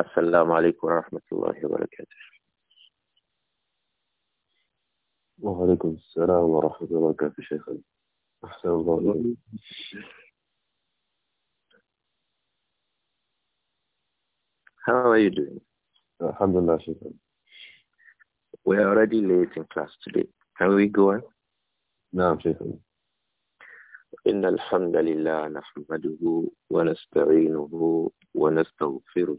السلام عليكم ورحمة الله وبركاته وعليكم السلام ورحمة الله وبركاته شيخنا أحسن الله إليك How are you doing? Alhamdulillah, Shaitan. We are already late in class today. Can we go on? نعم شيخنا. إن الحمد لله نحمده ونستعينه ونستغفره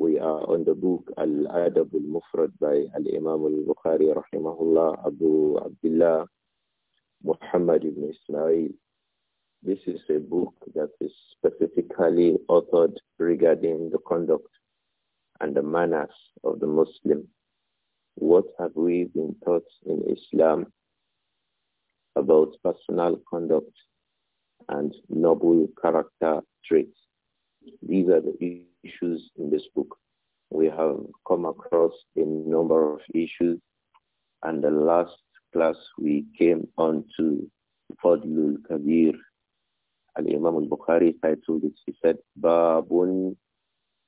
We are on the book Al-Adab al-Mufrad by Al-Imam al-Bukhari rahimahullah Abu Abdullah Muhammad ibn Ismail. This is a book that is specifically authored regarding the conduct and the manners of the Muslim. What have we been taught in Islam about personal conduct and noble character traits? These are the issues in this book. We have come across a number of issues and the last class we came on to Fadlul Kabir. Al-Imam al-Bukhari titled it, he said, Babun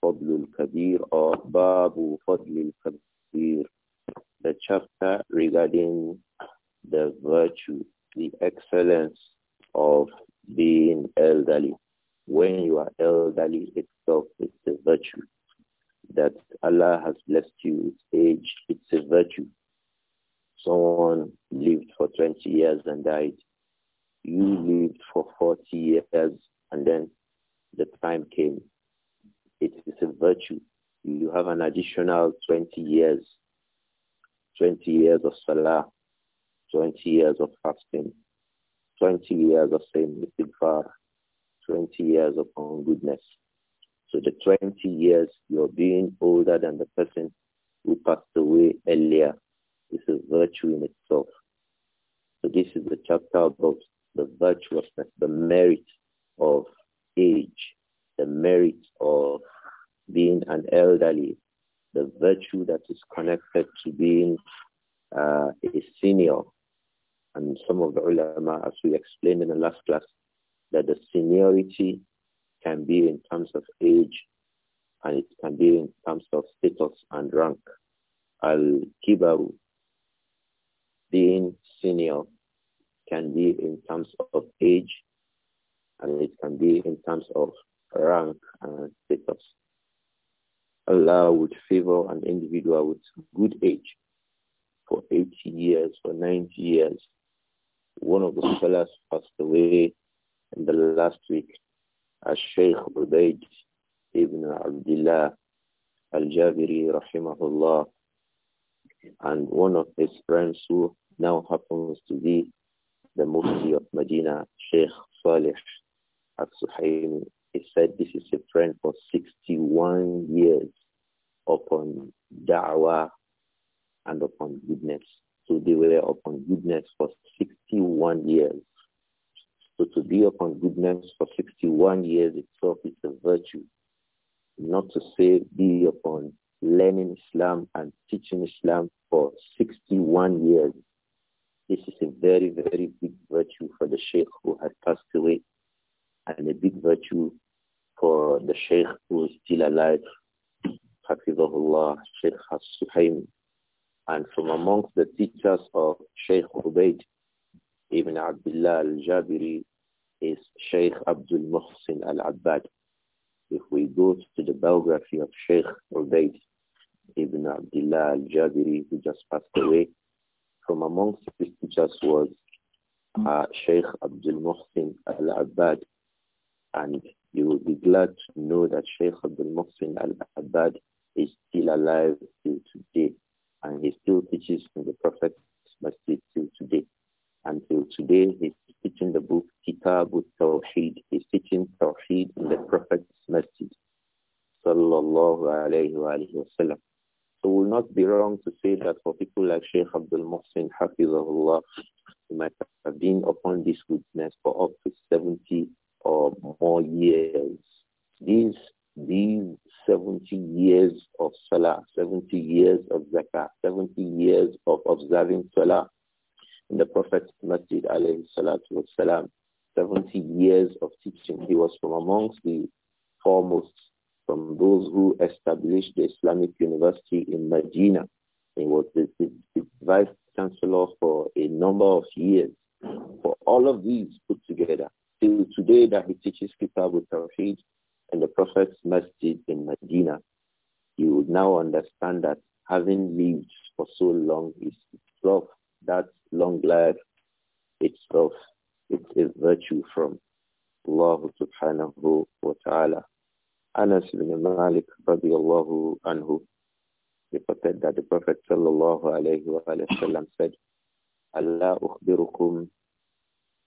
Fadlul Kabir or Babu Fadlul Kabir, the chapter regarding the virtue, the excellence of being elderly when you are elderly itself, it's a virtue. That Allah has blessed you with age, it's a virtue. Someone lived for 20 years and died. You lived for 40 years and then the time came. It is a virtue. You have an additional 20 years, 20 years of salah, 20 years of fasting, 20 years of saying istighfar, 20 years upon goodness. So the 20 years you're being older than the person who passed away earlier is a virtue in itself. So this is the chapter about the virtuousness, the merit of age, the merit of being an elderly, the virtue that is connected to being uh, a senior. And some of the ulama, as we explained in the last class, that the seniority can be in terms of age and it can be in terms of status and rank. Al-kibaru, being senior, can be in terms of age and it can be in terms of rank and status. Allah would favor an individual with good age for 80 years, for 90 years. One of the scholars passed away in the last week, Al-Shaykh Ubaid ibn Abdullah Al-Jabiri rahimahullah and one of his friends who now happens to be the Mufti of Medina, Sheikh Salih Al-Suhaimi. He said this is a friend for 61 years upon da'wah and upon goodness. So they were upon goodness for 61 years. So to be upon goodness for 61 years itself is a virtue. Not to say be upon learning Islam and teaching Islam for 61 years. This is a very, very big virtue for the Sheikh who has passed away and a big virtue for the Sheikh who is still alive, Hafizahullah, Sheikh Suhaim. And from amongst the teachers of Sheikh Ubaid Ibn Abdullah al-Jabiri is Sheikh Abdul Muhsin al-Abbad. If we go to the biography of Sheikh Ubaid Ibn Abdullah al-Jabiri, who just passed away, from amongst his teachers was uh, Sheikh Abdul Muhsin al-Abbad. And you will be glad to know that Sheikh Abdul Muhsin al-Abbad is still alive till today. And he still teaches in the Prophet's Masjid till today. Until today, he's teaching the book Kitab al-Tawheed. He's teaching Tawheed in the Prophet's Masjid. Sallallahu alayhi wa, alayhi wa sallam. So it will not be wrong to say that for people like Sheikh Abdul Muhsin Hafizahullah, he might have been upon this witness for up to 70 or more years. These, these 70 years of Salah, 70 years of Zakah, 70 years of observing Salah, in the Prophet's Masjid alayhi salatu wasalam, 70 years of teaching. He was from amongst the foremost from those who established the Islamic University in Medina. He was the, the, the vice chancellor for a number of years. For all of these put together, till today that he teaches Kitab al-Tawheed and the Prophet's Masjid in Medina, you would now understand that having lived for so long is love that long life itself, it's a virtue from Allah subhanahu wa ta'ala. Anas ibn Malik radiallahu anhu reported that the Prophet sallallahu alayhi wa sallam said, Allah ukhbirukum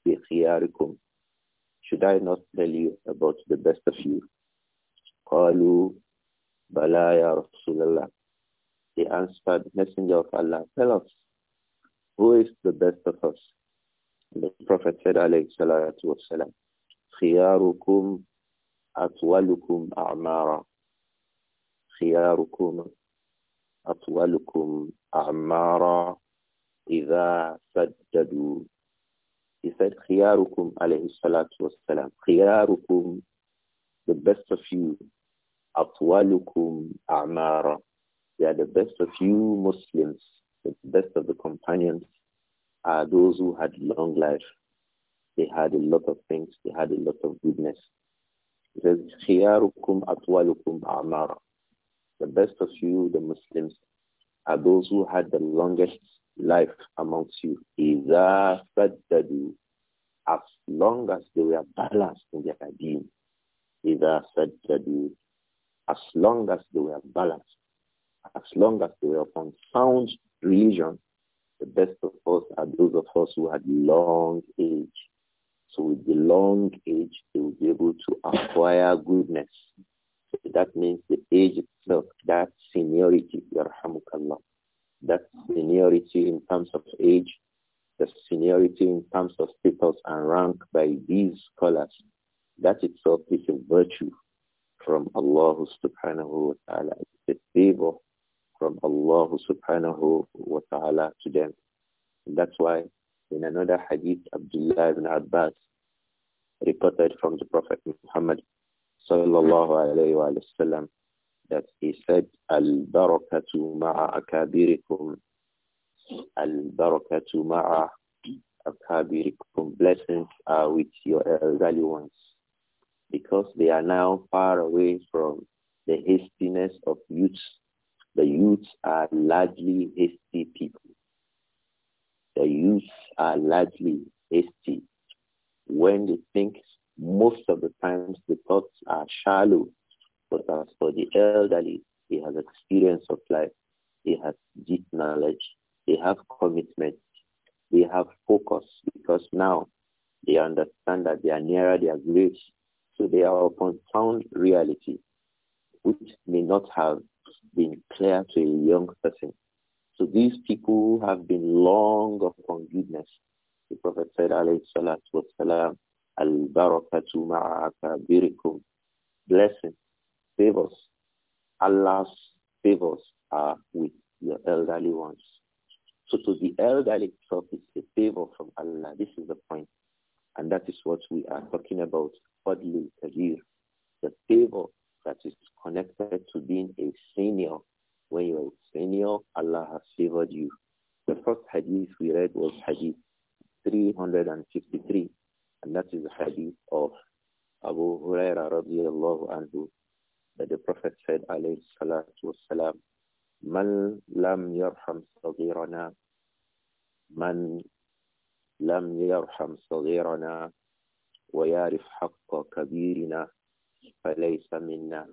bi khiyarikum. Should I not tell you about the best of you? قالوا بلى يا رسول الله. They answered, Messenger of Allah, tell us. Who is the best of us? The Prophet said, alayhi salatu wasalam, خِيَارُكُمْ أَطْوَلُكُمْ أَعْمَارًا خِيَارُكُمْ أَطْوَلُكُمْ أَعْمَارًا إِذَا سَدَّدُوا He said, خِيَارُكُمْ alayhi salatu خِيَارُكُمْ the best of you, أَطْوَلُكُمْ أَعْمَارًا They are the best of you Muslims the best of the companions are those who had long life. They had a lot of things. They had a lot of goodness. It says, The best of you, the Muslims, are those who had the longest life amongst you. إِذَا فَدَّدُوا As long as they were balanced in their deen. إِذَا فَدَّدُوا As long as they were balanced. As long as they were on sound religion, the best of us are those of us who had long age. So with the long age, they will be able to acquire goodness. So that means the age itself, that seniority, that seniority in terms of age, the seniority in terms of status and rank by these scholars, that itself is a virtue from Allah subhanahu wa ta'ala. It's a favor from Allah subhanahu wa ta'ala to them. And that's why in another hadith, Abdullah ibn Abbas reported from the Prophet Muhammad sallallahu alayhi wa sallam that he said, Al-barakatu ma'a akabirikum. Al-barakatu ma'a akabirikum. Blessings are with your elderly ones because they are now far away from the hastiness of youth the youths are largely hasty people. The youths are largely hasty. When they think, most of the times the thoughts are shallow. But as for the elderly, he has experience of life. He has deep knowledge. They have commitment. They have focus because now they understand that they are nearer their graves. So they are upon sound reality, which may not have been clear to a young person. So these people have been long upon goodness. The Prophet said, alayhi salatu wasalam, al-barakatu ma'akabirikum. Blessing, favors, Allah's favors are with your elderly ones. So to the elderly itself is a favor from Allah. This is the point. And that is what we are talking about. Fadlul Kabir. senior, when you are a senior, Allah has favored you. The first hadith we read was hadith 353, and that is the hadith of Abu Huraira radiallahu anhu, that the Prophet said, alayhi salatu wasalam, من لم يرحم صغيرنا من لم يرحم صغيرنا ويعرف حق كبيرنا فليس منا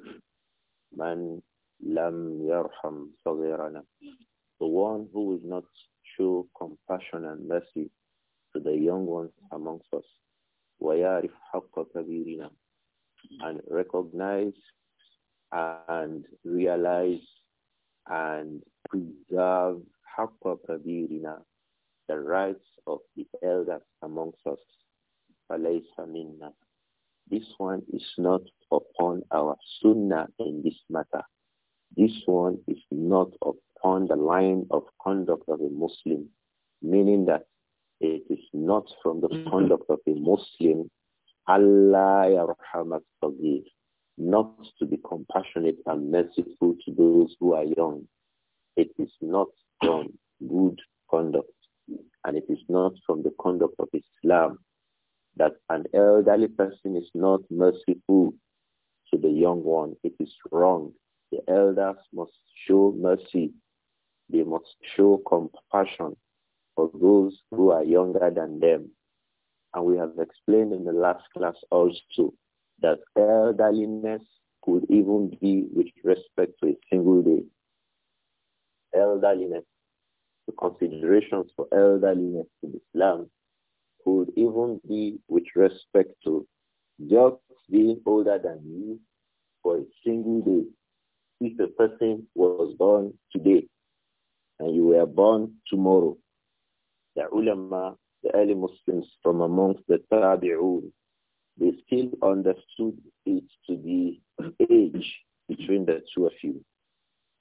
between the two of you.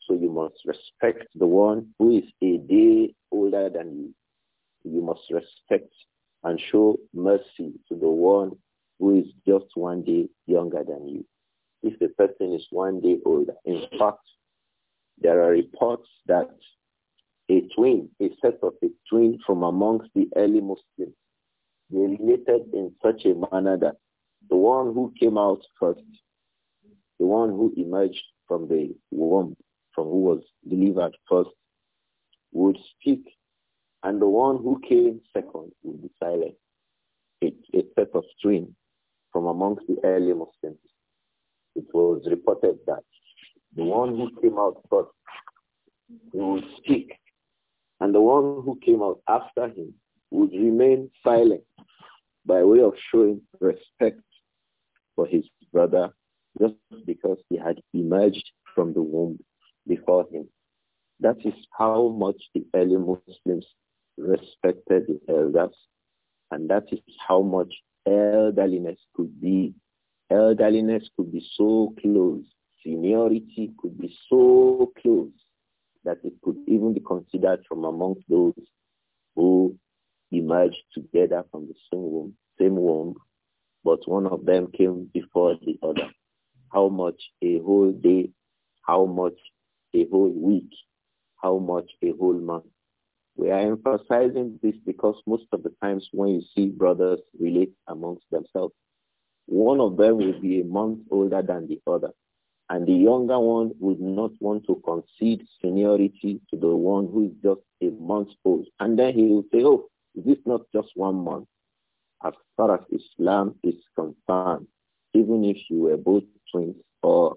So you must respect the one who is a day older than you. You must respect and show mercy to the one who is just one day younger than you. If the person is one day older, in fact, there are reports that a twin, a set of a twin from amongst the early Muslims, they related in such a manner that the one who came out first, the one who emerged from the womb, from who was delivered first, would speak, and the one who came second would be silent. It, a set of twin from amongst the early Muslims. It was reported that the one who came out first, would speak, and the one who came out after him would remain silent by way of showing respect for his brother just because he had emerged from the womb before him. That is how much the early Muslims respected the elders, and that is how much elderliness could be. Elderliness could be so close, seniority could be so close that it could even be considered from among those who emerged together from the same womb, same womb, but one of them came before the other how much a whole day, how much a whole week, how much a whole month. We are emphasizing this because most of the times when you see brothers relate amongst themselves, one of them will be a month older than the other. And the younger one would not want to concede seniority to the one who is just a month old. And then he will say, oh, is this not just one month? As far as Islam is concerned, even if you were both or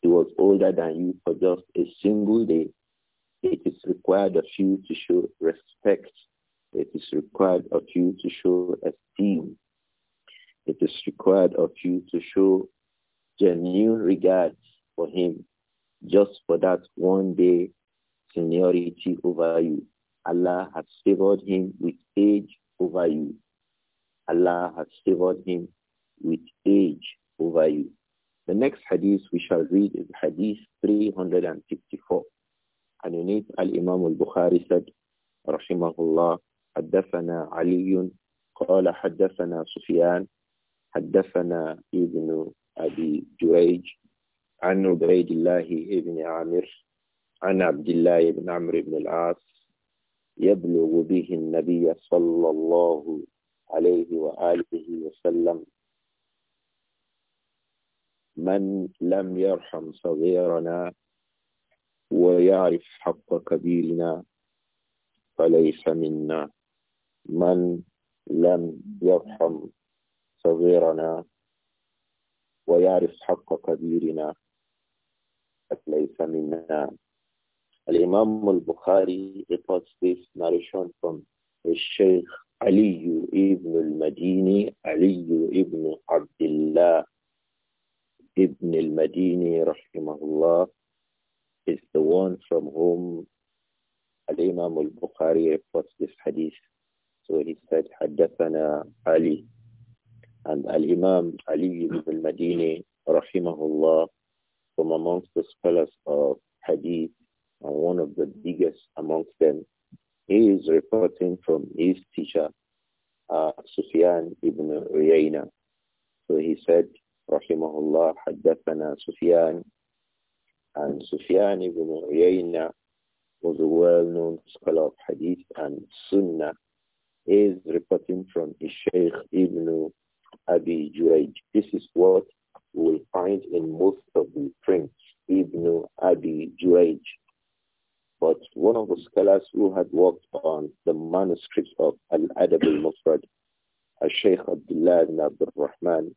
he was older than you for just a single day, it is required of you to show respect. It is required of you to show esteem. It is required of you to show genuine regard for him just for that one day seniority over you. Allah has favored him with age over you. Allah has favored him with age over you. The next hadith we shall read is hadith 354. And in it, Al-Imam al-Bukhari said, رحمه الله حدثنا علي قال حدثنا سفيان حدثنا ابن أبي جريج عن عبيد الله ابن عامر عن عبد الله بن عمرو بن العاص يبلغ به النبي صلى الله عليه وآله وسلم من لم يرحم صغيرنا ويعرف حق كبيرنا فليس منا من لم يرحم صغيرنا ويعرف حق كبيرنا فليس منا الإمام البخاري reports this narration from الشيخ علي ابن المديني علي ابن عبد الله Ibn al-Madini rahimahullah is the one from whom Al-Imam al-Bukhari reports this hadith. So he said, حدثنا Ali. And Al-Imam Ali ibn al-Madini rahimahullah from amongst the scholars of hadith and one of the biggest amongst them, he is reporting from his teacher, uh, Sufyan ibn Uyayna. So he said, رحمه الله حدثنا سفيان and Sufyan ibn Uyayna was a well-known scholar of Hadith and Sunnah. is reporting from Sheikh Ibn Abi Jurayj. This is what we will find in most of the prints, Ibn Abi Jurayj. But one of the scholars who had worked on the manuscripts of Al-Adab al-Mufrad, Sheikh Abdullah ibn Abdul Rahman,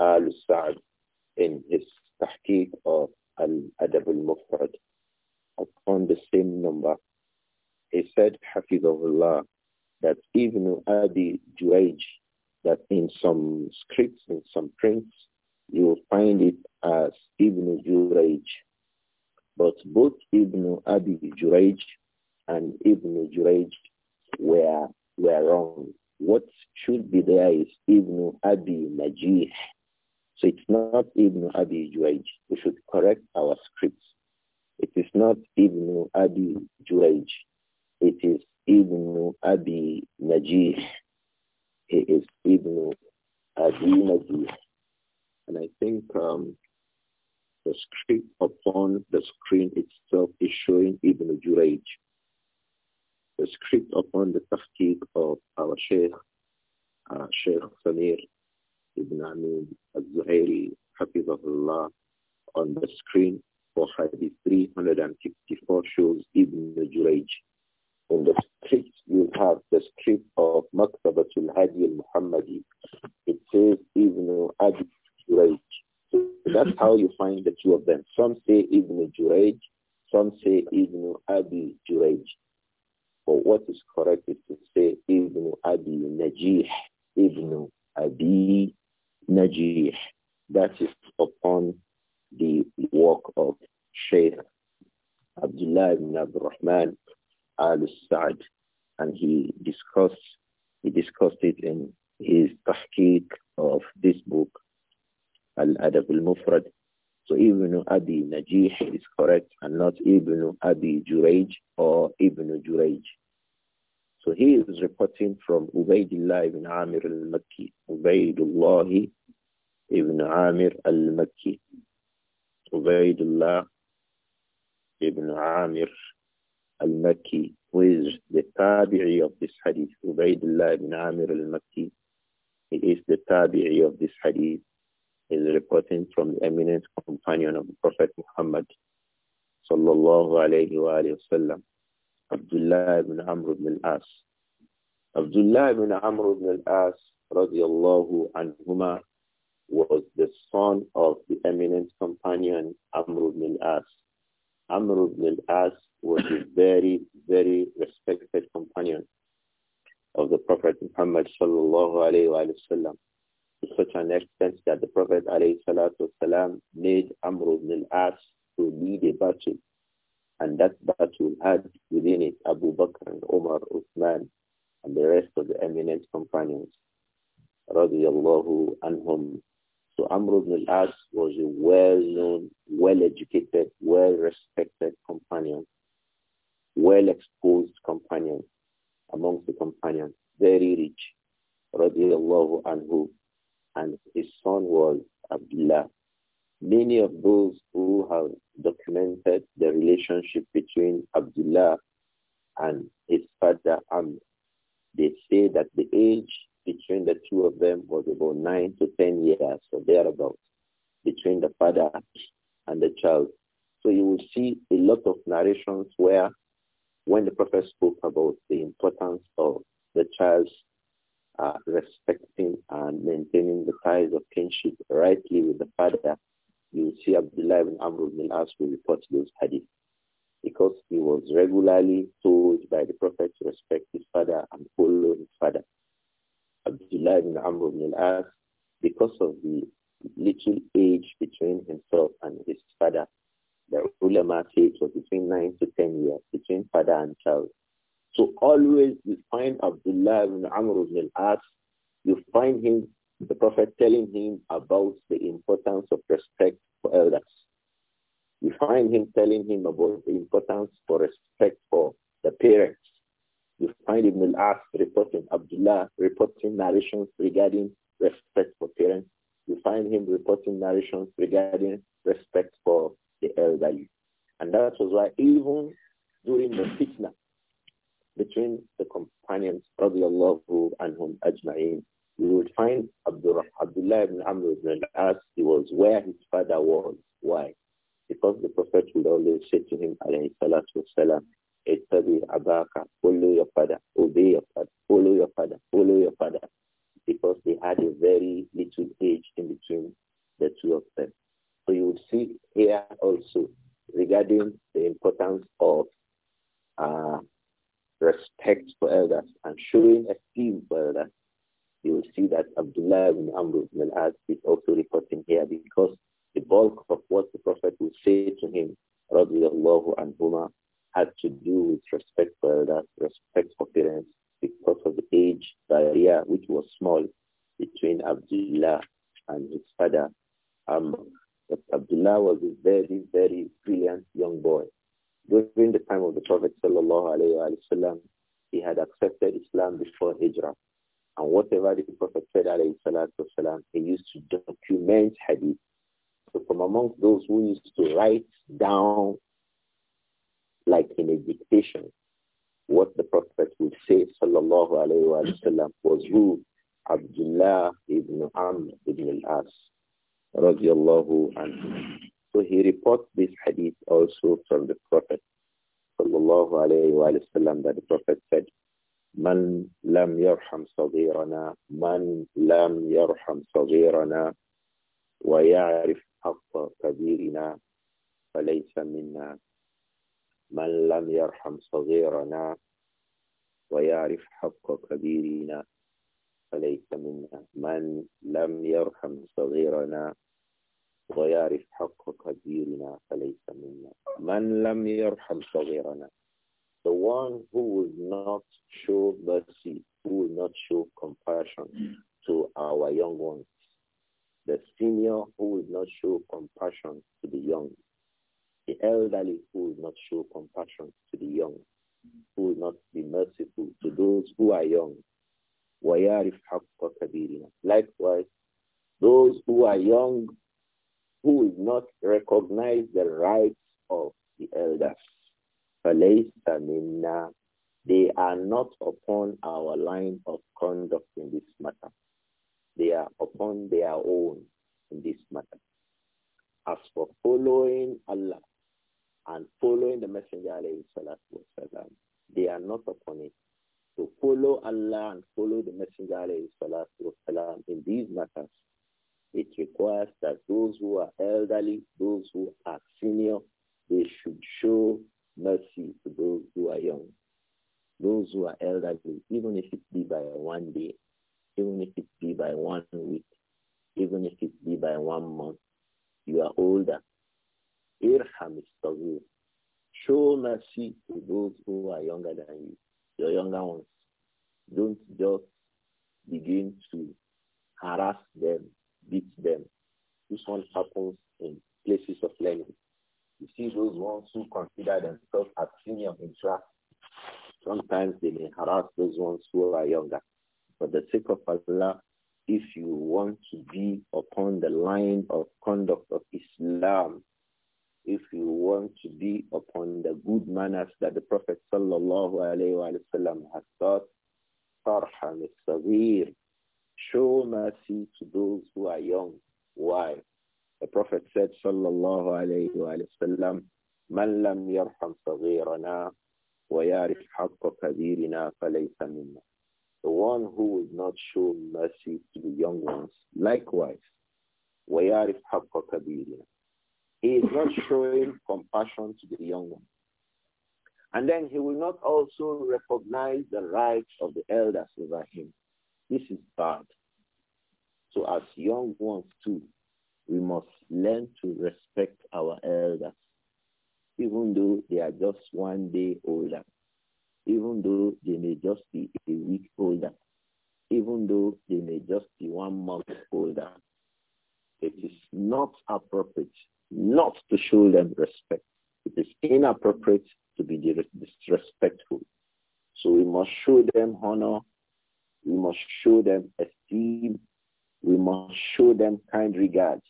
Al sa in his tahqiq of Al-Adab al upon the same number. He said, Allah that Ibn Abi Juwayj, that in some scripts, in some prints, you will find it as Ibn Jurayj. But both Ibn Abi Jurayj and Ibn Jurayj were, were wrong. What should be there is Ibn Abi Najih so it's not Ibn Abi Juwayj. We should correct our scripts. It is not Ibn Abi Juwayj. It is Ibn Abi Najih. It is Ibn Abi Najih. And I think um, the script upon the screen itself is showing Ibn Juraj. The script upon the tahqiq of our Sheikh, uh, Sheikh Samir Ibn Amin al-Zuhairi, Allah, on the screen for Hadith 354 shows Ibn Juraj. In the script, you have the script of Maktabatul Hadi al-Muhammadi. It says Ibn Abi Juraj. So that's how you find the two of them. Some say Ibn Juraj, some say Ibn Abi Juraj. But what is correct is to say Ibn Abi Najih, Ibn Abi najih. That is upon the work of Sheikh Abdullah ibn Abdurrahman al-Sa'd. And he discussed, he discussed it in his tahqiq of this book, Al-Adab al-Mufrad. So Ibn Abi Najih is correct and not Ibn Abi Juraj or Ibn Juraj. So he is reporting from Ubaidullah ibn Amir al-Makki. Ubaidullah ibn Amir al-Makki. Ubaidullah ibn Amir al-Makki, who is the tabi'i of this hadith. Ubaidullah ibn Amir al-Makki. He is the tabi'i of this hadith. He is reporting from the eminent companion of the Prophet Muhammad sallallahu alayhi wa sallam. Abdullah ibn Amr ibn al-As. Abdullah ibn Amr ibn al-As, radiallahu anhuma, was the son of the eminent companion Amr ibn al-As. Amr ibn al-As was a very, very respected companion of the Prophet Muhammad sallallahu alayhi wa sallam to such an extent that the Prophet alayhi salatu wasalam made Amr ibn al-As to lead a battle and that battle had within it Abu Bakr and Omar, Uthman, and the rest of the eminent companions, radiallahu anhum. So Amr ibn al-As was a well-known, well-educated, well-respected companion, well-exposed companion amongst the companions, very rich, radiallahu anhu. And his son was Abdullah Many of those who have documented the relationship between Abdullah and his father Amr, um, they say that the age between the two of them was about nine to ten years or thereabouts between the father and the child. So you will see a lot of narrations where when the prophet spoke about the importance of the child's uh, respecting and maintaining the ties of kinship rightly with the father, you will see Abdullah ibn Amr ibn as will report those hadith because he was regularly told by the Prophet to respect his father and follow his father. Abdullah ibn Amr ibn as because of the little age between himself and his father, the ulama say it was between 9 to 10 years between father and child. So always you find Abdullah ibn Amr ibn as you find him the Prophet telling him about the importance of respect for elders. You find him telling him about the importance for respect for the parents. You find Ibn al-As reporting, Abdullah reporting narrations regarding respect for parents. You find him reporting narrations regarding respect for the elderly. And that was why even during the fitna between the companions, radiallahu anhum ajma'in, you will find Abdullah ibn Amr ibn al-As, he was where his father was. Why? Because the Prophet would always say to him, alayhi salatu wasalam, Ittabi abaka, follow your father, obey your father, follow your father, follow your father. Because they had a very little age in between the two of them. So you would see here also regarding the importance of uh, respect for elders and showing esteem for elders you will see that Abdullah ibn Amr ibn al-As is also reporting here because the bulk of what the Prophet would say to him, radiallahu anhuma, had to do with respect for elders, respect for parents, because of the age barrier, which was small, between Abdullah and his father, Amr. But Abdullah was a very, very brilliant young boy. During the time of the Prophet, sallallahu alayhi wa sallam, he had accepted Islam before Hijrah. And whatever the Prophet said, والسلام, he used to document hadith. So from amongst those who used to write down, like in a dictation, what the Prophet would say, sallallahu alayhi wasallam, was who? Abdullah ibn Amr ibn al-As, radiallahu anhu. So he reports this hadith also from the Prophet, sallallahu alayhi wasallam, that the Prophet said, من لم يرحم صغيرنا من لم يرحم صغيرنا ويعرف حق كبيرنا فليس منا من لم يرحم صغيرنا ويعرف حق كبيرنا فليس منا من لم يرحم صغيرنا ويعرف حق كبيرنا فليس منا من لم يرحم صغيرنا The one who will not show mercy, who will not show compassion to our young ones. The senior who will not show compassion to the young. The elderly who will not show compassion to the young. Who will not be merciful to those who are young. Likewise, those who are young who will not recognize the rights of the elders they are not upon our line of conduct in this matter. They are upon their own in this matter. As for following Allah and following the Messenger, والسلام, they are not upon it. To so follow Allah and follow the Messenger والسلام, in these matters, it requires that those who are elderly, those who are senior, they should show mercy to those who are young, those who are elderly, even if it be by one day, even if it be by one week, even if it be by one month. You are older. Irham is Show mercy to those who are younger than you, your younger ones. Don't just begin to harass them, beat them. This one happens in places of learning. You see those ones who consider themselves as senior in class. Sometimes they may harass those ones who are younger. For the sake of Allah, if you want to be upon the line of conduct of Islam, if you want to be upon the good manners that the Prophet sallallahu alaihi wasallam has taught, farham show mercy to those who are young. Why? The Prophet said, Sallallahu Alaihi wa من لم يرحم صغيرنا ويعرف حق كبيرنا فليس منا. The one who would not show mercy to the young ones, likewise, ويعرف حق كبيرنا. He is not showing compassion to the young ones. And then he will not also recognize the rights of the elders over him. This is bad. So as young ones too, we must learn to respect our elders, even though they are just one day older, even though they may just be a week older, even though they may just be one month older. It is not appropriate not to show them respect. It is inappropriate to be disrespectful. So we must show them honor. We must show them esteem we must show them kind regards.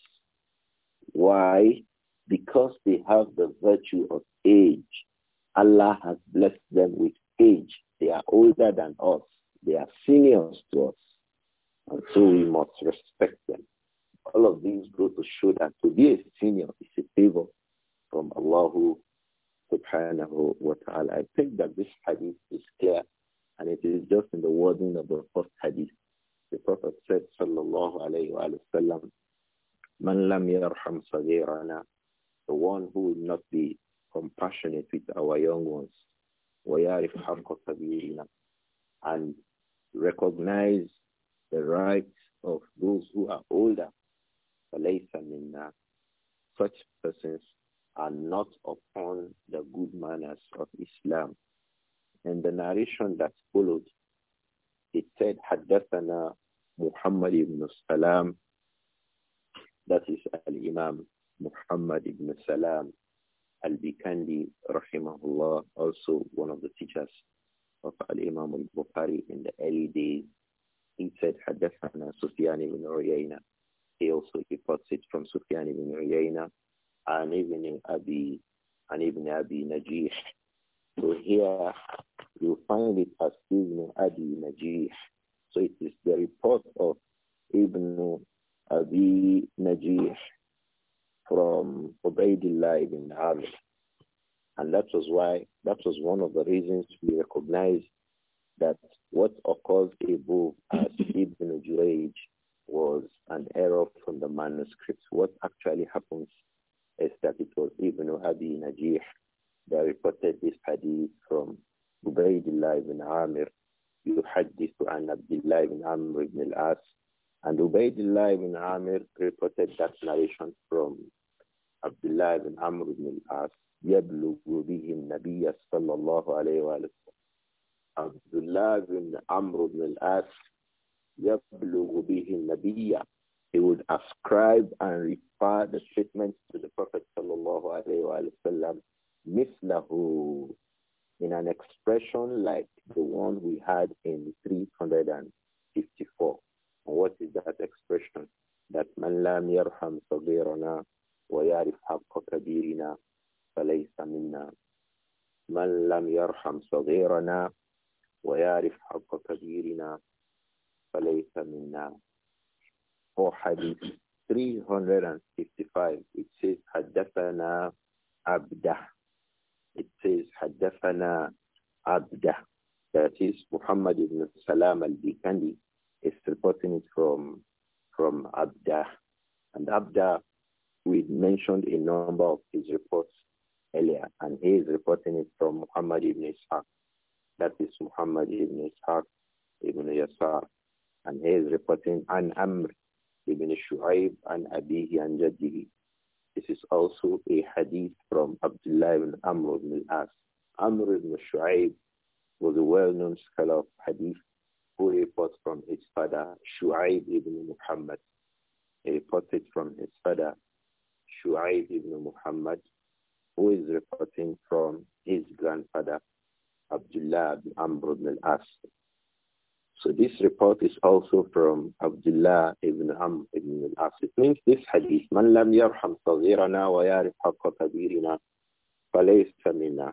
Why? Because they have the virtue of age. Allah has blessed them with age. They are older than us. They are seniors to us. And so we must respect them. All of these go to show that to be a senior is a favor from Allah subhanahu wa ta'ala. I think that this hadith is clear and it is just in the wording of the first hadith the Prophet said, sallallahu alayhi wa sallam, Man lam yarham sagirana, the one who will not be compassionate with our young ones, وَيَعْرِفْ حَقَّ سَبِيلِنَا And recognize the rights of those who are older, فَلَيْسَ مِنَّا Such persons are not upon the good manners of Islam. And the narration that followed, it said, حَدَّثَنَا Muhammad ibn Salam, that is Al-Imam Muhammad ibn Salam Al-Bikandi, rahimahullah, also one of the teachers of Al-Imam Al-Bukhari in the early days. He said, Hadathana Sufyan ibn Uyayna. He also reports it from Sufyan ibn Uyayna and Ibn Abi, and Ibn Abi Najih. So here you find it as Ibn Abi Najih so it is the report of Ibn Abi Najih from Ubaidillah ibn Amr. And that was why, that was one of the reasons we recognize that what occurred above as Ibn Juraj was an error from the manuscripts. What actually happens is that it was Ibn Abi Najih that reported this hadith from Ubaidillah ibn Amr يحدث عن عبد الله بن عمرو بن العاص and Ubaidullah ibn Amir reported that narration from Abdullah ibn Amr ibn al-As يبلغ به النبي صلى الله عليه وسلم عبد الله بن عمرو بن العاص يبلغ به النبي he would ascribe and refer the statements to the Prophet صلى الله عليه وسلم مثله in an expression like the one we had in 354. what is that expression? That man lam yarham sagirana wa yarif haqqa kabirina falaysa minna. Man lam yarham sagirana wa yarif haqqa kabirina falaysa minna. Or hadith 355, it says, حدثنا عبده it says, Haddathana Abda. That is Muhammad ibn Salam al-Bikandi is reporting it from, from Abda. And Abda, we mentioned a number of his reports earlier, and he is reporting it from Muhammad ibn Ishaq. That is Muhammad ibn Ishaq ibn Yasar. And he is reporting an Amr ibn Shu'aib an Abihi an Jaddihi. This is also a hadith from Abdullah ibn Amr ibn al-As. Amr ibn Shu'aib was a well-known scholar of hadith who reports from his father Shu'aib ibn Muhammad. He reported from his father Shu'aib ibn Muhammad who is reporting from his grandfather Abdullah ibn Amr ibn al-As. So this report is also from Abdullah ibn Amr ibn al-As. It this hadith, "Man من لم يرحم wa yarif حق كبيرنا فليس منا.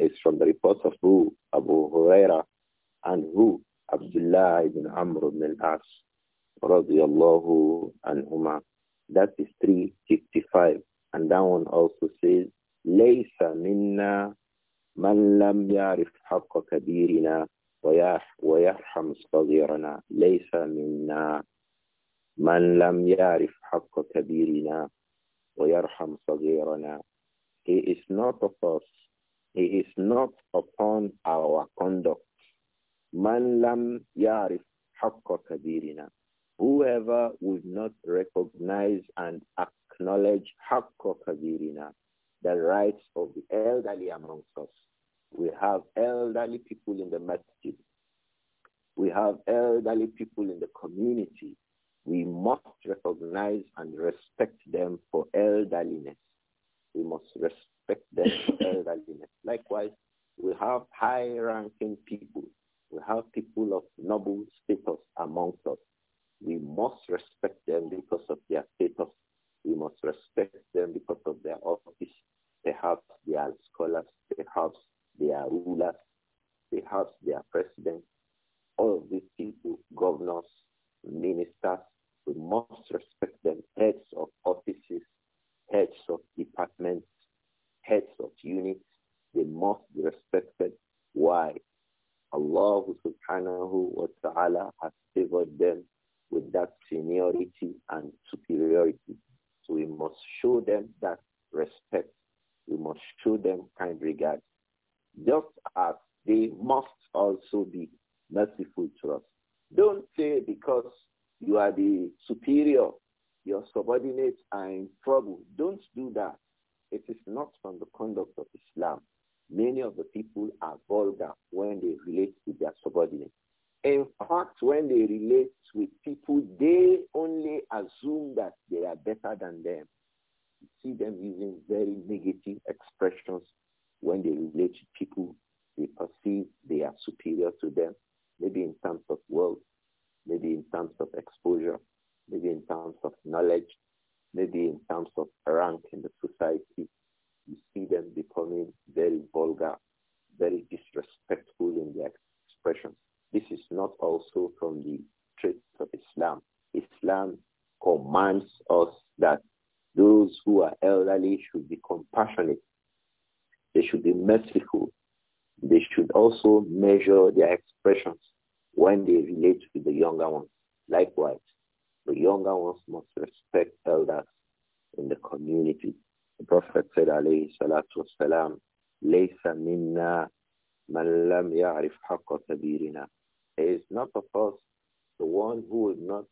It's from the report of who? Abu Huraira and who? Abdullah ibn Amr ibn al-As radiyallahu anhuma. That is three fifty-five, And that one also says, ليس minna, man lam yarif حق كبيرنا ويرحم صغيرنا ليس منا من لم يعرف حق كبيرنا ويرحم صغيرنا He is not of us. He is not upon our conduct. من لم يعرف حق كبيرنا Whoever would not recognize and acknowledge حق كبيرنا the rights of the elderly amongst us we have elderly people in the masjid. We have elderly people in the community. We must recognize and respect them for elderliness. We must respect them for elderliness. Likewise, we have high-ranking people. We have people of noble status amongst us. We must respect them because of their status. We must respect them because of their office, perhaps they are scholars, perhaps they are rulers, they have their presidents. All of these people, governors, ministers, we must respect them, heads of offices, heads of departments, heads of units. They must be respected. Why? Allah subhanahu wa ta'ala has favored them with that seniority and superiority. So we must show them that respect. We must show them kind regard just as they must also be merciful to us. Don't say because you are the superior, your subordinates are in trouble. Don't do that. It is not from the conduct of Islam. Many of the people are vulgar when they relate to their subordinates. In fact, when they relate with people, they only assume that they are better than them. You see them using very negative expressions when they relate to people, they perceive they are superior to them, maybe in terms of wealth, maybe in terms of exposure, maybe in terms of knowledge, maybe in terms of rank in the society. You see them becoming very vulgar, very disrespectful in their expressions. This is not also from the traits of Islam. Islam commands us that those who are elderly should be compassionate merciful, they should also measure their expressions when they relate with the younger ones. Likewise, the younger ones must respect elders in the community. The Prophet said, alayhi salatu wasalam, laysa minna man lam ya'rif haqqa kabirina. There is not of us the one who would not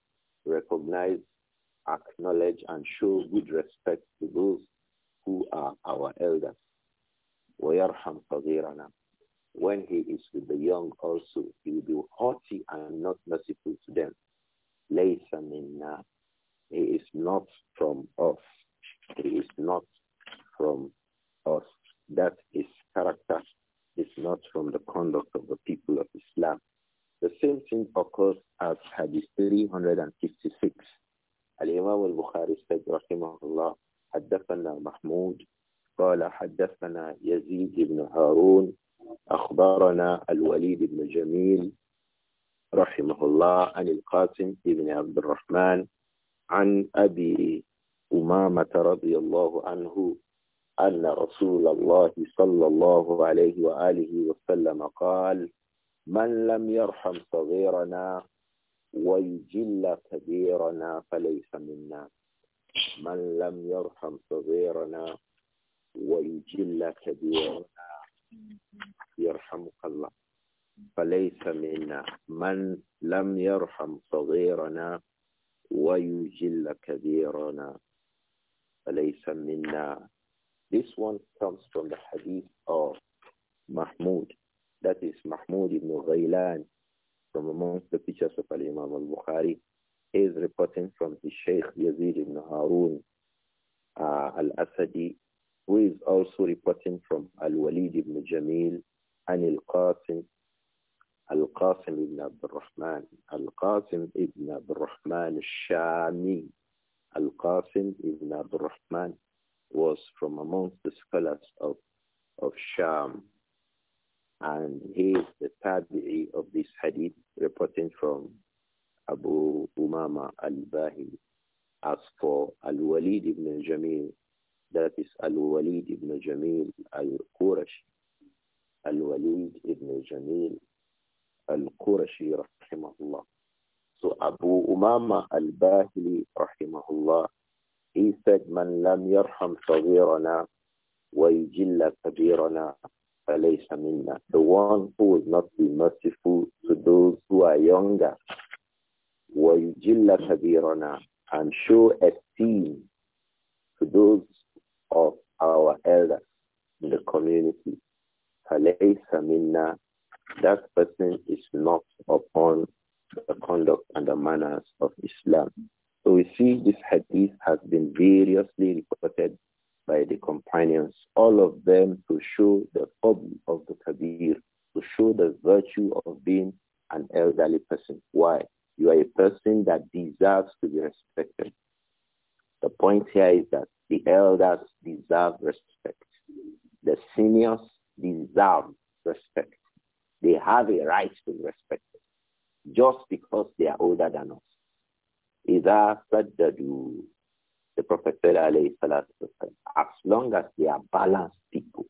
recognize, acknowledge, and show good respect to those who are our elders. وَيَرْحَمْ صَغِيرَنَا When he is with the young also, he will be haughty and not merciful to them. لَيْسَ مِنَّا He is not from us. He is not from us. That is character. is not from the conduct of the people of Islam. The same thing occurs as Hadith 356. Al-Imam al-Bukhari said, "Rahimahullah, الله, حدثنا محمود قال حدثنا يزيد بن هارون أخبرنا الوليد بن جميل رحمه الله عن القاسم بن عبد الرحمن عن أبي أمامة رضي الله عنه أن رسول الله صلى الله عليه وآله وسلم قال من لم يرحم صغيرنا ويجل كبيرنا فليس منا من لم يرحم صغيرنا وإن جل يرحمك الله فليس منا من لم يرحم صغيرنا ويجل كبيرنا فليس منا This one comes from the hadith of Mahmud. That is Mahmud ibn Ghailan from amongst the teachers of Al-Imam al-Bukhari. He is reporting from his Shaykh Yazid ibn Harun uh, al-Asadi who is also reporting from Al-Walid ibn Jamil and Al-Qasim, Al-Qasim ibn Abdul Rahman, Al-Qasim ibn Abdul Rahman Shami. Al-Qasim ibn Abdul Rahman was from amongst the scholars of, of Sham. And he is the tabi'i of this hadith reporting from Abu Umama al-Bahili. As for Al-Walid ibn Jamil, that is Al-Walid ibn Jamil al-Qurashi. Al-Walid ibn Jamil al-Qurashi rahimahullah. So Abu Umama al-Bahili rahimahullah, he said, من لم يرحم wa ويجل كبيرنا فليس minna. The one who will not be merciful to those who are younger Wa ويجل كبيرنا and show esteem to those of our elders in the community. That person is not upon the conduct and the manners of Islam. So we see this hadith has been variously reported by the companions, all of them to show the problem of the Kabir, to show the virtue of being an elderly person. Why? You are a person that deserves to be respected. The point here is that the elders deserve respect. The seniors deserve respect. They have a right to respect respected just because they are older than us. the Prophet said, as long as they are balanced people.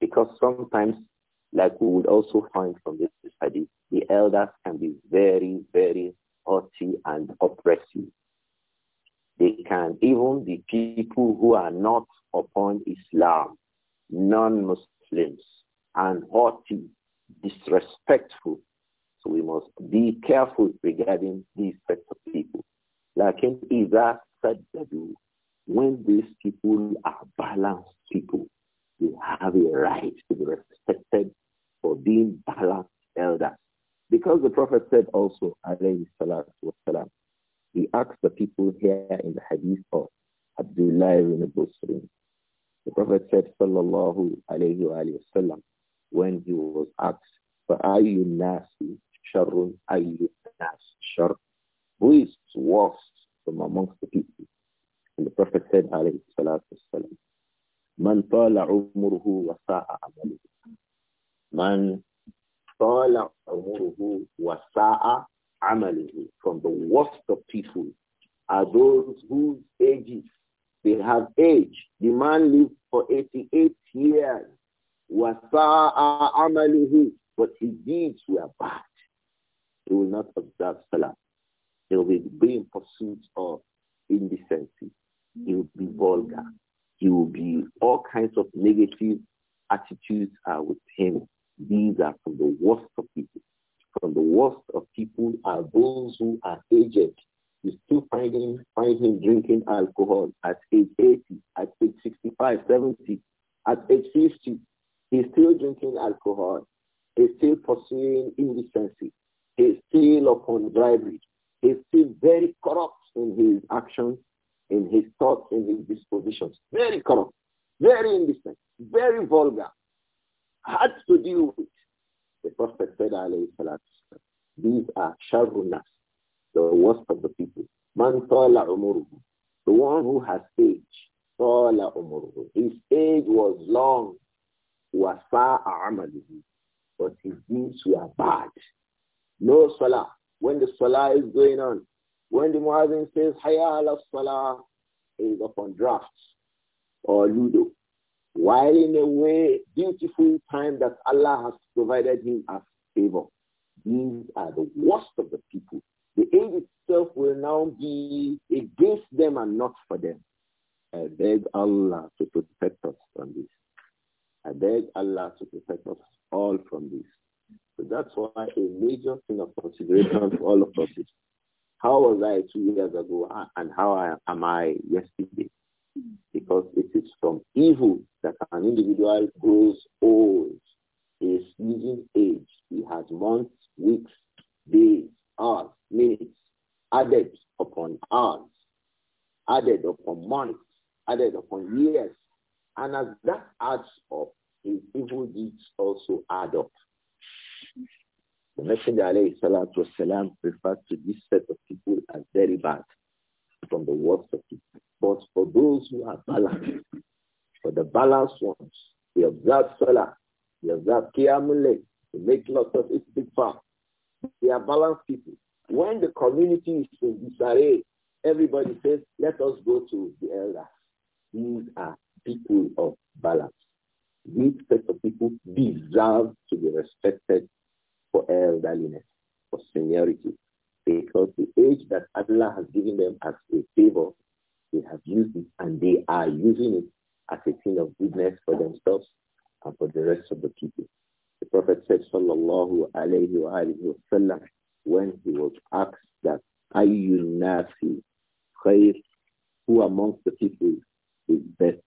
Because sometimes, like we would also find from this study, the elders can be very, very haughty and oppressive. They can even be people who are not upon Islam, non-Muslims, and haughty, disrespectful. So we must be careful regarding these types of people. Like in Isa said, when these people are balanced people, they have a right to be respected for being balanced elders. Because the Prophet said also, alayhi salatu wasalam, he asked the people here in the hadith of Abdullah ibn Busrin. The Prophet said, sallallahu alayhi wa sallam, when he was asked, فَأَيُّ النَّاسِ شَرٌ أَيُّ النَّاسِ شَرٌ Who is worst from amongst the people? And the Prophet said, alayhi salatu wasalam, مَنْ طَالَ عُمُرُهُ وَسَاءَ عَمَلُهُ مَنْ طَالَ عُمُرُهُ وَسَاءَ amalihi, from the worst of people, are those whose ages, they have age. The man lived for 88 years. Wasa'a amalihi, but his deeds were bad. He will not observe Salah. He will be in pursuit of indecency. He will be vulgar. He will be all kinds of negative attitudes are with him. These are from the worst of people from the worst of people are those who are aged. You still find him, find him drinking alcohol at age 80, at age 65, 70, at age 50. He's still drinking alcohol. He's still pursuing indecency. He's still upon bribery. He's still very corrupt in his actions, in his thoughts, in his dispositions. Very corrupt, very indecent, very vulgar, hard to deal with. The Prophet said, these are sharrunas, the worst of the people. Man tala umurhu, the one who has age, tala umurhu. His age was long, wasa'a amaluhu, but his deeds were bad. No salah. When the salah is going on, when the muazzin says, hayya ala salah, is upon drafts or ludo while in a way, beautiful time that Allah has provided him as favor. These are the worst of the people. The age itself will now be against them and not for them. I beg Allah to protect us from this. I beg Allah to protect us all from this. So that's why a major thing of consideration for all of us is how was I two years ago ah, and how am I yesterday? because it is from evil that an individual grows old. He is losing age. He has months, weeks, days, hours, minutes added upon hours, added upon months, added upon years. And as that adds up, his evil deeds also add up. The Messenger alayhi salatu wasalam referred to this set of people as very bad from the worst of But for those who are balanced, for the balanced ones, they that Salah, they that Qiyamulay, they make lots of big istighfar. They are balanced people. When the community is in disarray, everybody says, let us go to the elders. These are people of balance. These sets of people deserve to be respected for elderliness, for seniority, because the age that Allah has given them as a favor, they have used it and they are using it as a thing of goodness for themselves and for the rest of the people. The Prophet said, Sallallahu alayhi wa alayhi wasallam, when he was asked that, Ayyun nasi khair, who amongst the people is best?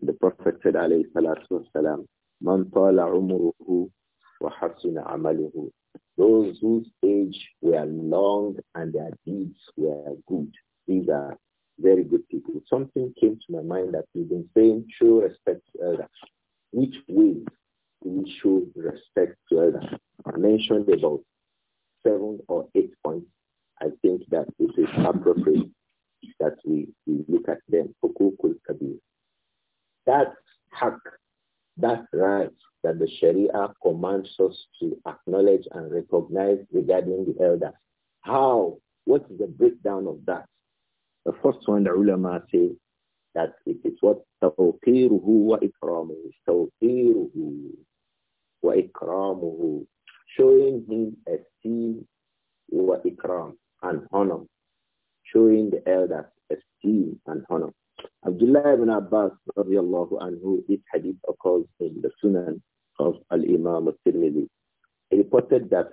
The Prophet said, alayhi salatu wasalam, Man tala umruhu wa hasuna amaluhu. Those whose age were long and their deeds were good. These are very good people. Something came to my mind that we've been saying show respect to elders. Which way do we show respect to elders? I mentioned about seven or eight points. I think that it is appropriate that we, we look at them. That hack, that right that the Sharia commands us to acknowledge and recognize regarding the elders. How? What is the breakdown of that? The first one, the ulama say that it is what tawqiruhu wa ikramuhu. Tawqiruhu wa ikramuhu. Showing him esteem wa ikram and honor. Showing the elders esteem and honor. Abdullah ibn Abbas radiallahu anhu, this hadith occurs in the Sunan of Al-Imam al-Tirmidhi. He reported that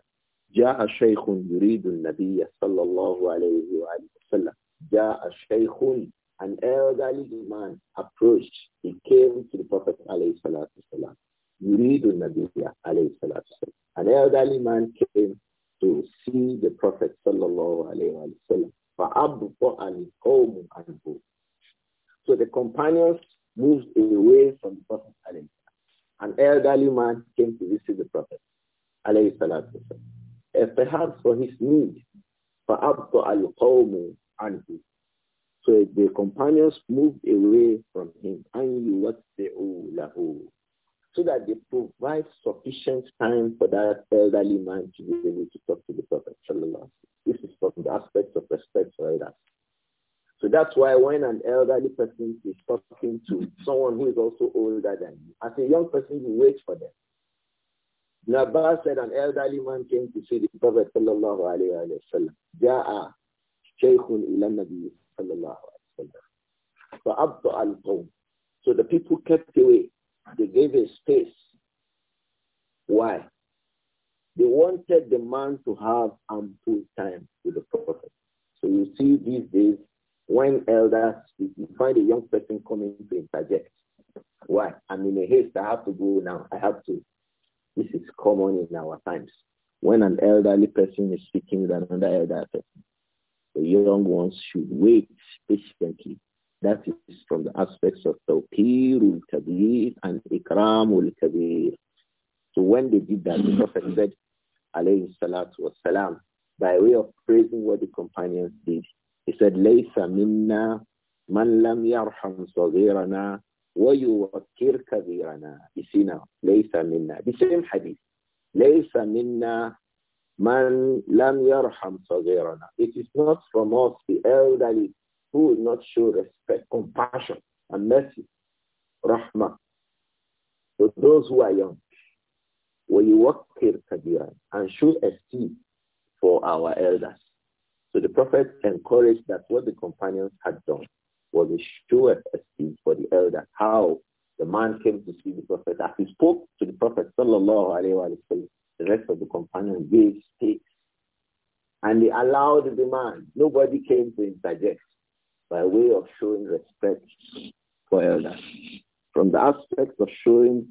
جاء Shaykhun يريد النبي صلى الله عليه وآله وسلم جاء an elderly man approached he came to the prophet alayhi الصلاة والسلام يريد النبي عليه الصلاة والسلام an elderly man came to see the prophet sallallahu alayhi عليه وآله so the companions moved away elderly man came to visit the Prophet, alayhi salatu and perhaps for his need, al-Qawm الْقَوْمُ عَنْهُ So the companions moved away from him, and أَنْ the لَهُ So that they provide sufficient time for that elderly man to be able to talk to the Prophet, sallallahu This is from the aspect of respect for elders. So that's why when an elderly person is talking to someone who is also older than you, as a young person, you wait for them. Ibn said an elderly man came to see the Prophet sallallahu alayhi wa sallam. Ja'a shaykhun ila nabi sallallahu alayhi wa sallam. al So the people kept away. They gave a space. Why? They wanted the man to have ample time with the Prophet. So you see these days, when elders, you find a young person coming to interject. Why? I'm in a haste. I have to go now. I have to. This is common in our times. When an elderly person is speaking with another elderly person, the young ones should wait patiently. That is from the aspects of Tawqirul Kabir and ikram, Kabir. So when they did that, the Prophet said, alayhi salatu wasalam, by way of praising what the companions did, he said, لَيْسَ مِنَّا مَنْ لَمْ يَرْحَمْ صَغِيرَنَا وَيُوَكِّرْ كَبِيرَنَا You لَيْسَ مِنَّا بِسْمِ same لَيْسَ مِنَّا مَنْ لَمْ يَرْحَمْ صَغِيرَنَا It is not from us, the elderly, who will not show respect, compassion, and mercy, rahmah, to those who are young. وَيُوَكِّرْ كَبِيرَنَا And show esteem for our elders. So the Prophet encouraged that what the companions had done was a show esteem for the elder. How the man came to see the Prophet. As he spoke to the Prophet, sallallahu alayhi wa sallam, the rest of the companions gave space. And they allowed the man. Nobody came to interject by way of showing respect for elders. From the aspect of showing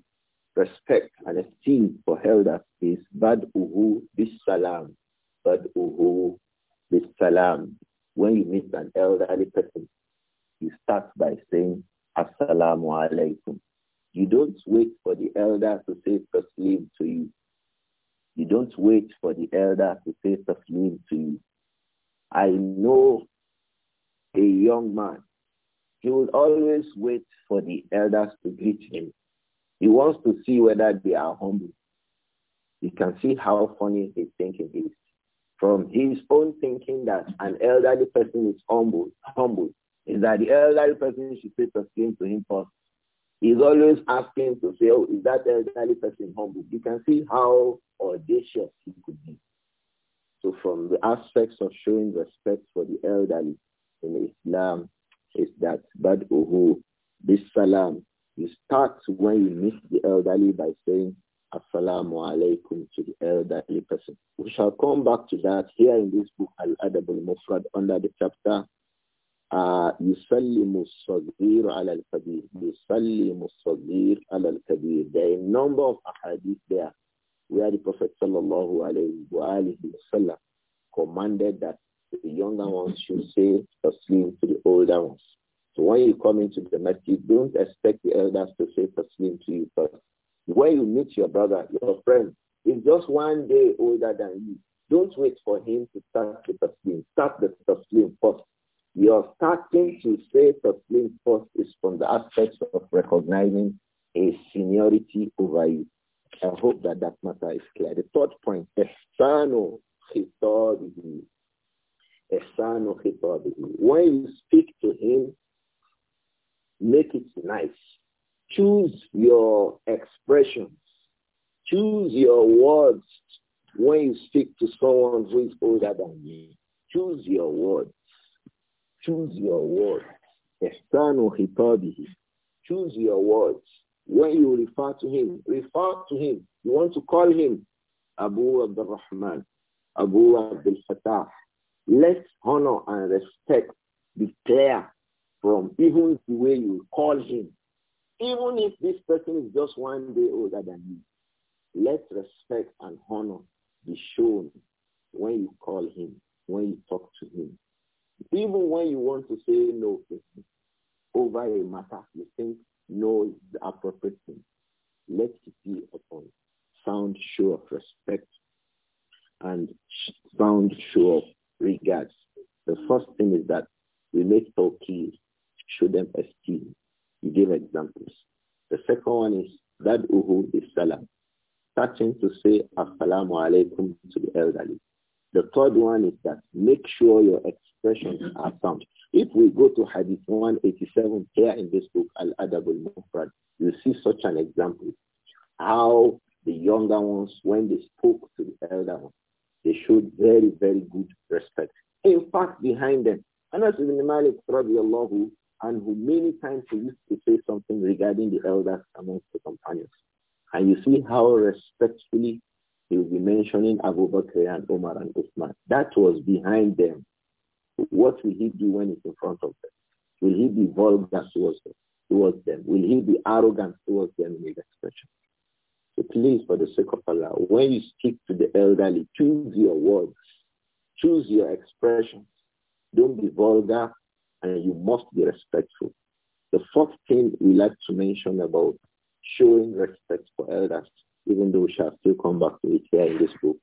respect and esteem for elders is bad'uhu bis-salam. Bad'uhu bis-salam. When you meet an elderly person, you start by saying, Assalamu alaikum. You don't wait for the elder to say taslim to you. You don't wait for the elder to say taslim to you. I know a young man. He will always wait for the elders to greet him. He wants to see whether they are humble. You can see how funny his thinking is. From his own thinking that an elderly person is humble, humble, is that the elderly person should pay perfume to him first. He's always asking to say, oh, is that elderly person humble? You can see how audacious he could be. So from the aspects of showing respect for the elderly in Islam is that bad ohu, this salam, you start when you meet the elderly by saying assalamu alaikum to the elderly person. We shall come back to that here in this book, Al-Adab al-Mufrad, under the chapter يسلم الصغير على الكبير يسلم الصغير على الكبير There are a number of ahadith there where the Prophet sallallahu alaihi wasallam commanded that the younger ones should say taslim to the older ones. So when you come into the masjid, don't expect the elders to say taslim to you first. When you meet your brother, your friend, is just one day older than you. Don't wait for him to start the taslim. Start the taslim first. You're starting to say Taslim first is from the aspect of recognizing a seniority over you. I hope that that matter is clear. The third point, Ihsanu khitabihi. Ihsanu khitabihi. When you speak to him, make it nice. Choose your expressions. Choose your words when you speak to someone who is older than you. Choose your words. Choose your words. Choose your words. When you refer to him, refer to him. You want to call him Abu Abdul Rahman, Abu Abdul Fatah. let honor and respect be clear from even the way you call him. Even if this person is just one day older than you, let respect and honor be shown when you call him, when you talk to him, even when you want to say no over a matter, you think no is the appropriate thing. Let it be upon sound show of respect and sound show of regards. The first thing is that we make kids show them esteem. You give examples. The second one is that uhu is salam, starting to say assalamu alaikum to the elderly. The third one is that make sure your are found. If we go to Hadith 187 here in this book, Al-Adab al-Mufrad, you see such an example. How the younger ones, when they spoke to the elder ones, they showed very, very good respect. In fact, behind them, Anas ibn Malik radiallahu and who many times he used to say something regarding the elders amongst the companions. And you see how respectfully he will be mentioning Abu Bakr and Omar and Uthman. That was behind them. What will he do when he's in front of them? Will he be vulgar towards them? Towards them? Will he be arrogant towards them in his expression? So please, for the sake of Allah, when you speak to the elderly, choose your words. Choose your expressions. Don't be vulgar and you must be respectful. The fourth thing we like to mention about showing respect for elders, even though we shall still come back to it here in this book,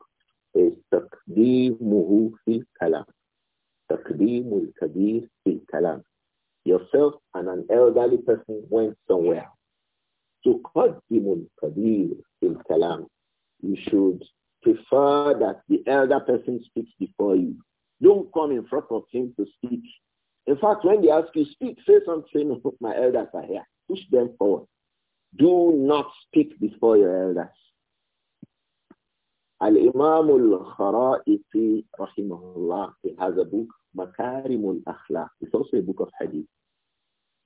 is تقديمه fil kalām. Taqdeemul Kabir fil Kalam. Yourself and an elderly person went somewhere. Tuqaddimul Kabir in Kalam. You should prefer that the elder person speaks before you. Don't come in front of him to speak. In fact, when they ask you speak, say something, my elders are here. Push them forward. Do not speak before your elders. Al-Imam al-Kharaiti, rahimahullah, he has a book, Makarim al-Akhlaq. It's also a book of hadith.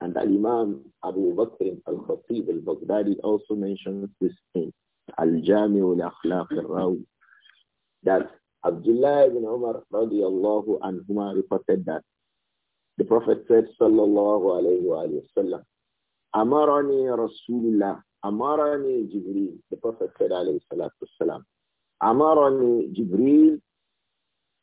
And Al-Imam Abu Bakr al-Khatib al-Baghdadi also mentions this in Al-Jami al-Akhlaq al-Rawi, that Abdullah ibn Umar radiallahu anhuma reported that the Prophet said, sallallahu alayhi wa, alayhi wa sallam, Amarani Rasulullah, Amarani Jibreel. The Prophet said, alayhi salatu wasalam, أمرني جبريل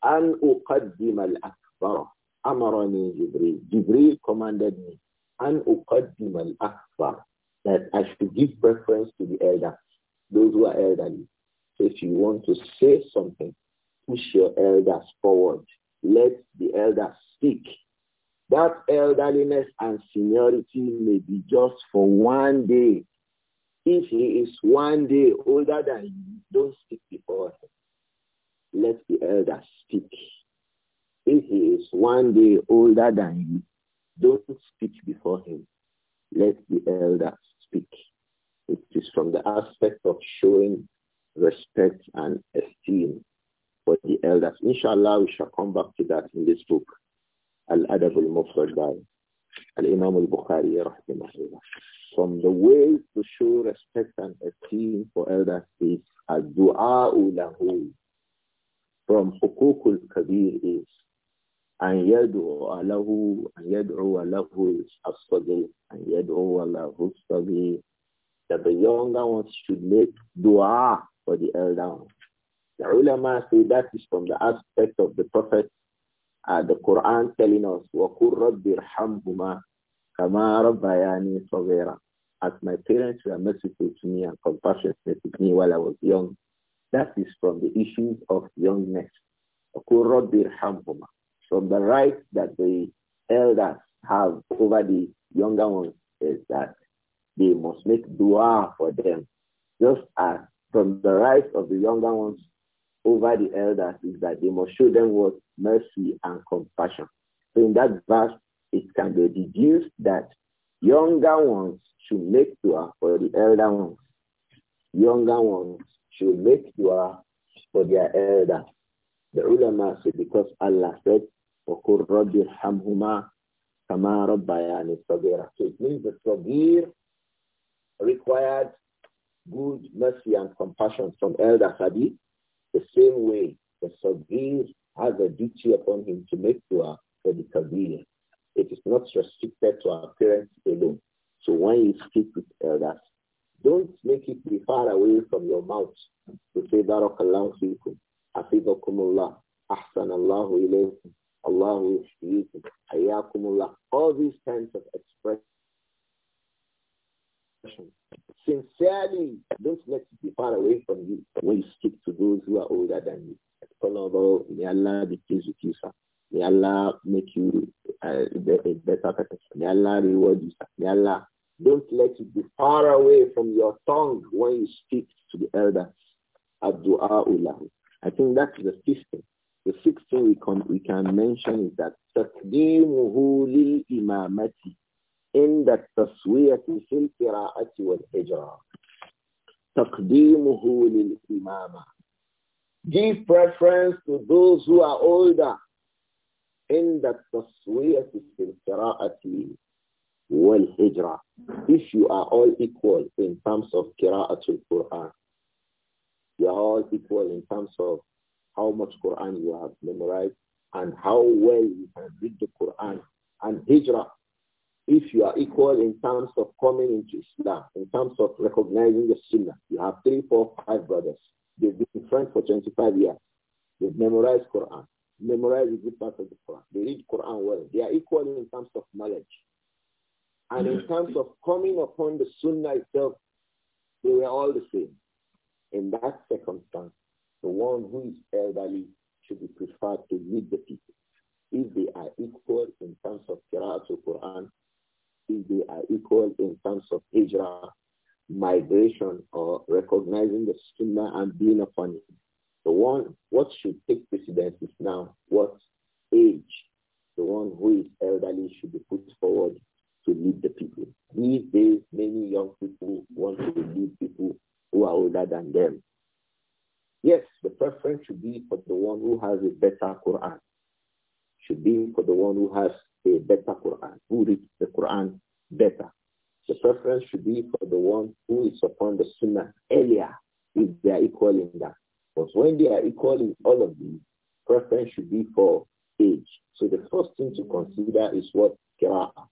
أن أقدم الأكبر أمرني جبريل جبريل commanded me أن أقدم الأكبر that I should give preference to the elder those who are elderly so if you want to say something push your elders forward let the elders speak that elderliness and seniority may be just for one day if he is one day older than you, don't speak before him. Let the elder speak. If he is one day older than you, don't speak before him. Let the elder speak. It is from the aspect of showing respect and esteem for the elders. Inshallah, we shall come back to that in this book, Al-Adab al-Mufrad Al-Imam al-Bukhari rahimahullah. From the ways to show respect and esteem for elders is ad-du'a'u lahu. From hukukul kabir is an يدعو له أن يدعو له الصغير أن يدعو له الصغير that the younger ones should make dua for the elder ones. The ulama say that is from the aspect of the Prophet uh, the Quran telling us, وَقُلْ رَبِّ ارْحَمْهُمَا كَمَا رَبَّيَانِي صَغِيرًا As my parents were merciful to me and compassionate to me while I was young. That is from the issues of youngness. وَقُلْ رَبِّ ارْحَمْهُمَا From the rights that the elders have over the younger ones is that they must make dua for them. Just as from the rights of the younger ones over the elders is that they must show them what mercy, and compassion. So in that verse, it can be deduced that younger ones should make dua for the elder ones. Younger ones should make dua for their elder. The ulama said because Allah said, وَقُلْ رَبِّ ارْحَمْهُمَا كَمَا رَبَّيَانِ صَغِيرًا So it means the Sabir required good mercy and compassion from elder Hadith. The same way the Sabir has a duty upon him to make dua for the kabir. It is not restricted to our parents alone. So when you speak with elders, don't make it be far away from your mouth to say Barakallahu fikum, Afidakumullah, Ahsanallahu ilaykum, Allahu ishtiyikum, Ayakumullah. All these kinds of expressions. Sincerely, don't let it be far away from you when you speak to those who are older than you. Toloboro, may Allah be pleased with you, sir. May Allah make you uh, a better person. May Allah reward you, sir. May Allah, don't let it be far away from your tongue when you speak to the elders. Abdu'a ulahu. I think that's the fifth thing. The sixth thing we can, we can mention is that تقديمه للإمامة عند التسوية في القراءة والإجراء. تقديمه للإمامة Give preference to those who are older. In the taswiyat al-qira'ati wal hijra. If you are all equal in terms of qira'atul Quran, you are all equal in terms of how much Quran you have memorized and how well you can read the Quran and hijra. If you are equal in terms of coming into Islam, in terms of recognizing the Sunnah, you have three, four, five brothers friends for 25 years. They've memorized Quran, memorized a good part of the Quran. They read Quran well. They are equal in terms of knowledge. And in mm-hmm. terms of coming upon the Sunnah itself, they were all the same. In that circumstance, the one who is elderly should be preferred to lead the people. If they are equal in terms of Qira'at Quran, if they are equal in terms of Hijrah, migration or recognizing the sunnah and being upon it. The one, what should take precedence is now what age the one who is elderly should be put forward to lead the people. These days, many young people want to lead people who are older than them. Yes, the preference should be for the one who has a better Quran. Should be for the one who has a better Quran, who reads the Quran better. The preference should be for the one who is upon the sunnah earlier if they are equal in that. But when they are equal in all of these, preference should be for age. So the first thing to consider is what Kira'ah.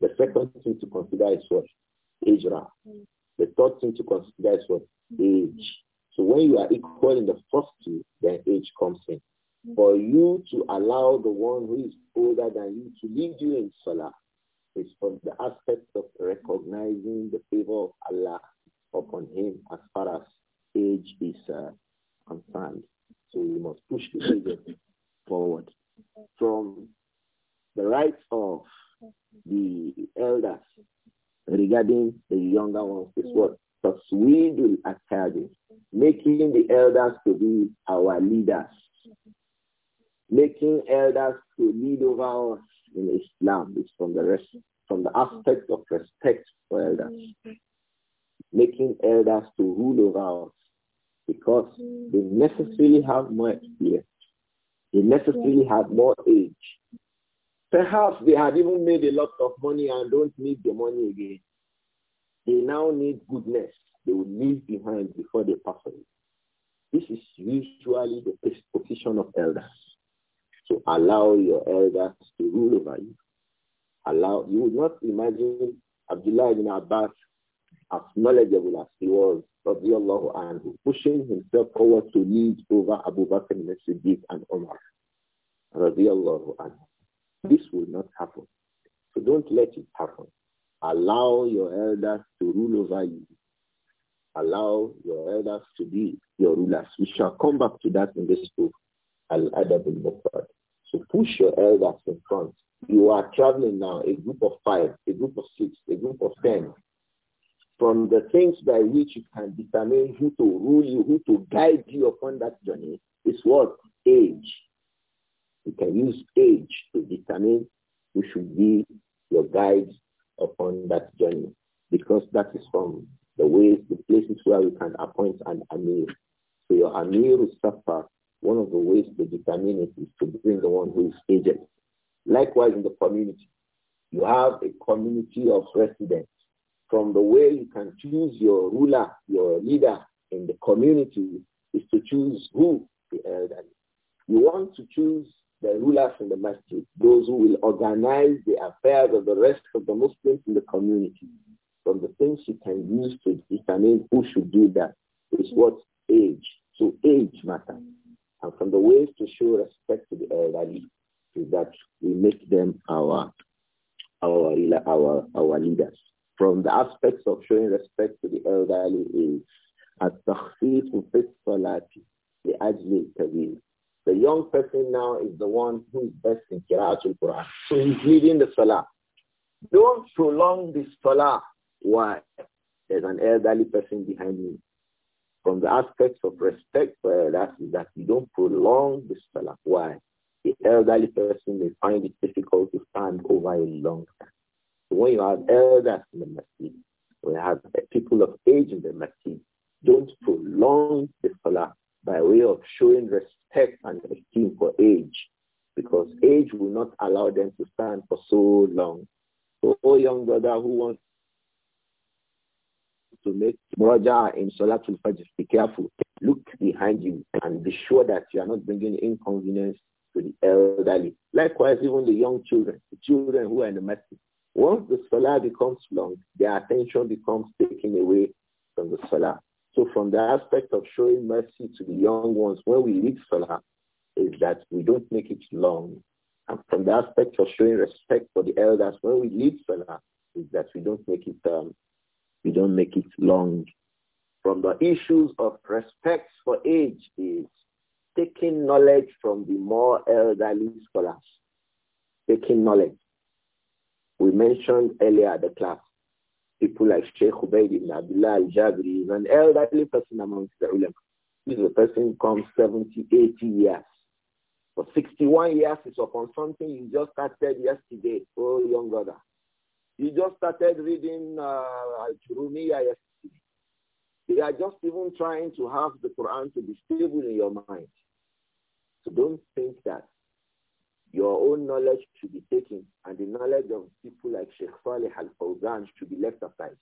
The second thing to consider is what? Ijra. The third thing to consider is what? Age. So when you are equal in the first two, then age comes in. For you to allow the one who is older than you to lead you in Salah, is from the aspect of recognizing the favor of Allah upon him as far as age is uh, concerned. So we must push the children forward. From the rights of the elders regarding the younger ones is what? Taswidul Akadi, making the elders to be our leaders, making elders to lead over us, in Islam is from the rest, from the aspect of respect for elders, mm-hmm. making elders to rule over us because mm-hmm. they necessarily have more experience. They necessarily have more age. Perhaps they have even made a lot of money and don't need the money again. They now need goodness they will leave behind before they pass away. This is usually the position of elders. To allow your elders to rule over you. Allow you would not imagine Abdullah ibn Abbas as knowledgeable as he was, radiallahu and pushing himself forward to lead over Abu Bakr and Siddiq and Omar, This will not happen. So don't let it happen. Allow your elders to rule over you. Allow your elders to be your rulers. We shall come back to that in this book, Al-Adab al so push your elders in front. You are traveling now, a group of five, a group of six, a group of ten. From the things by which you can determine who to rule you, who to guide you upon that journey, is what? Age. You can use age to determine who should be your guide upon that journey. Because that is from the ways, the places where we can appoint an Amir. So your Amir Safar one of the ways to determine it is to bring the one who is aged. Likewise in the community, you have a community of residents. From the way you can choose your ruler, your leader in the community is to choose who the elderly. You want to choose the rulers in the masjid, those who will organize the affairs of the rest of the Muslims in the community. From the things you can use to determine who should do that is what age. So age matters. And from the ways to show respect to the elderly is that we make them our our our our leaders. From the aspects of showing respect to the elderly is التخفيف في الصلاة لأجل الكبير. The young person now is the one who is best in Qira'atul Quran. So he's leading the Salah. Don't prolong this Salah. Why? There's an elderly person behind me. From the aspects of respect for elders is that you don't prolong the sala. Why? The elderly person may find it difficult to stand over a long time. So when you have elders in the masjid, when you have people of age in the masjid, don't prolong the salah by way of showing respect and esteem for age, because age will not allow them to stand for so long. So, all oh, young brother who wants to make muraja in Salatul Fajr. Be careful. Look behind you and be sure that you are not bringing inconvenience to the elderly. Likewise, even the young children, the children who are in the masjid. Once the Salah becomes long, their attention becomes taken away from the Salah. So from the aspect of showing mercy to the young ones when we leave Salah is that we don't make it long. And from the aspect of showing respect for the elders when we lead Salah is that we don't make it um, you don't make it long. From the issues of respect for age is taking knowledge from the more elderly scholars. Taking knowledge. We mentioned earlier at the class, people like Sheikh Ubaid ibn Abdullah al-Jabri is an elderly person amongst the ulama. This is a person comes 70, 80 years. For 61 years it's upon something you just started yesterday, oh young brother. He just started reading uh, yesterday. They are just even trying to have the Quran to be stable in your mind. So don't think that your own knowledge should be taken and the knowledge of people like Sheikh Saleh Al-Fawzan should be left aside.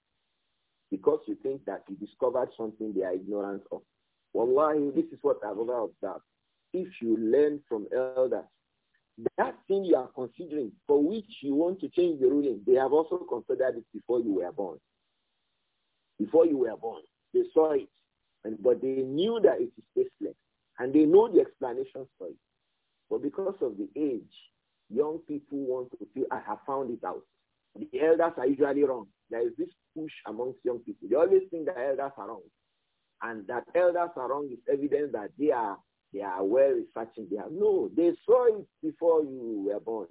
Because you think that you discovered something they are ignorant of. Wallahi, this is what I've ever observed. If you learn from elders, that thing you are considering for which you want to change the ruling, they have also considered it before you were born. Before you were born, they saw it, and, but they knew that it is tasteless, and they know the explanations for it. But because of the age, young people want to feel, I have found it out. The elders are usually wrong. There is this push amongst young people. They always think the elders are wrong. And that elders are wrong is evidence that they are they are well researching. They are no. They saw it before you were born.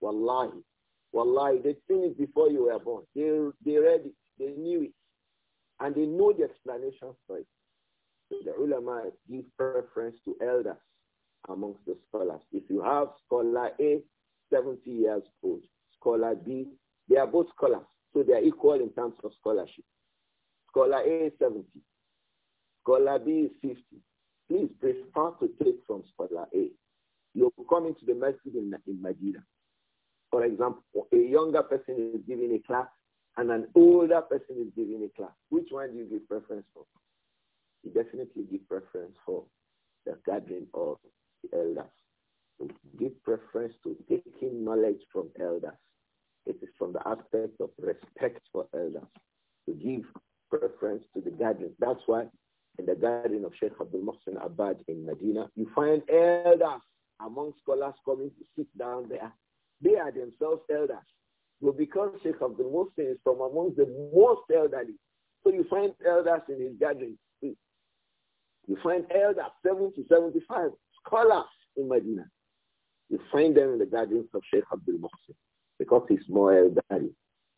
Wallahi. Wallahi. They seen it before you were born. They they read it. They knew it, and they know the explanation for it. The ulama give preference to elders amongst the scholars. If you have scholar A, 70 years old, scholar B, they are both scholars, so they are equal in terms of scholarship. Scholar A is 70, scholar B is 50, please prefer to take from Salah A. You are coming to the message in, in Medina. For example, a younger person is giving a class and an older person is giving a class. Which one do you give preference for? You definitely give preference for the gathering of the elders. You give preference to taking knowledge from elders. It is from the aspect of respect for elders. To give preference to the gathering. That's why in the garden of Sheikh Abdul Mohsen Abad in Medina, you find elders among scholars coming to sit down there. They are themselves elders. But because Sheikh Abdul Mohsen is from among the most elderly, so you find elders in his garden. You find elders, 70, 75, scholars in Medina. You find them in the gardens of Sheikh Abdul Mohsen because he's more elderly.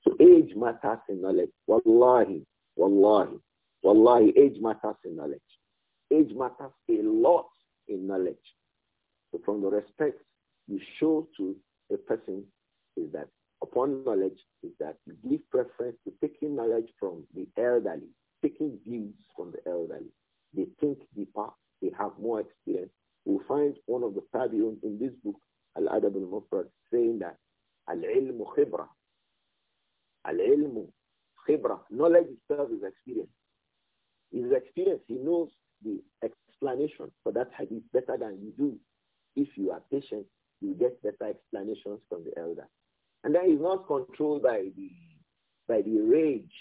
So age matters in knowledge. Wallahi, wallahi. Wallahi, age matters in knowledge. Age matters a lot in knowledge. So from the respect you show to a person is that upon knowledge is that you give preference to taking knowledge from the elderly, taking views from the elderly. They think deeper, they have more experience. We find one of the Tabi'un in this book, Al-Adab al-Mufrad, saying that Al-Ilmu Khibra. Al-Ilmu Khibra. Knowledge itself is experience. His experience, he knows the explanation for that hadith better than you do. If you are patient, you get better explanations from the elder. And that is not controlled by the by the rage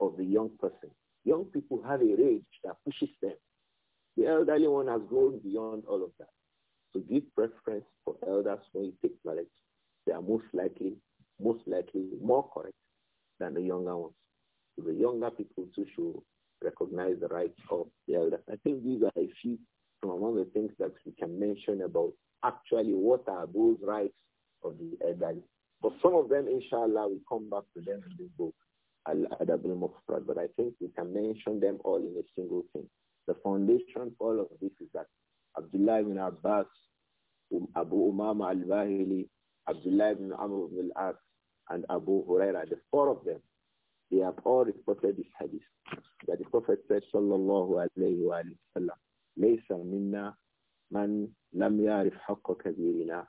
of the young person. Young people have a rage that pushes them. The elderly one has grown beyond all of that. So give preference for elders when you take knowledge. They are most likely, most likely more correct than the younger ones. So the younger people too should recognize the rights of the elders. I think these are a few from among the things that we can mention about actually what are those rights of the elders. But some of them, inshallah, we come back to them in this book, Al-Adab al-Mufrad. But I think we can mention them all in a single thing. The foundation for all of this is that Abdullah ibn Abbas, um, Abu Umama al-Bahili, Abdullah ibn Amr ibn al-As, and Abu Huraira, the four of them, they have all reported this hadith that the Prophet said, Sallallahu alayhi wa sallam, Laysa minna man lam yarif haqqa kabirina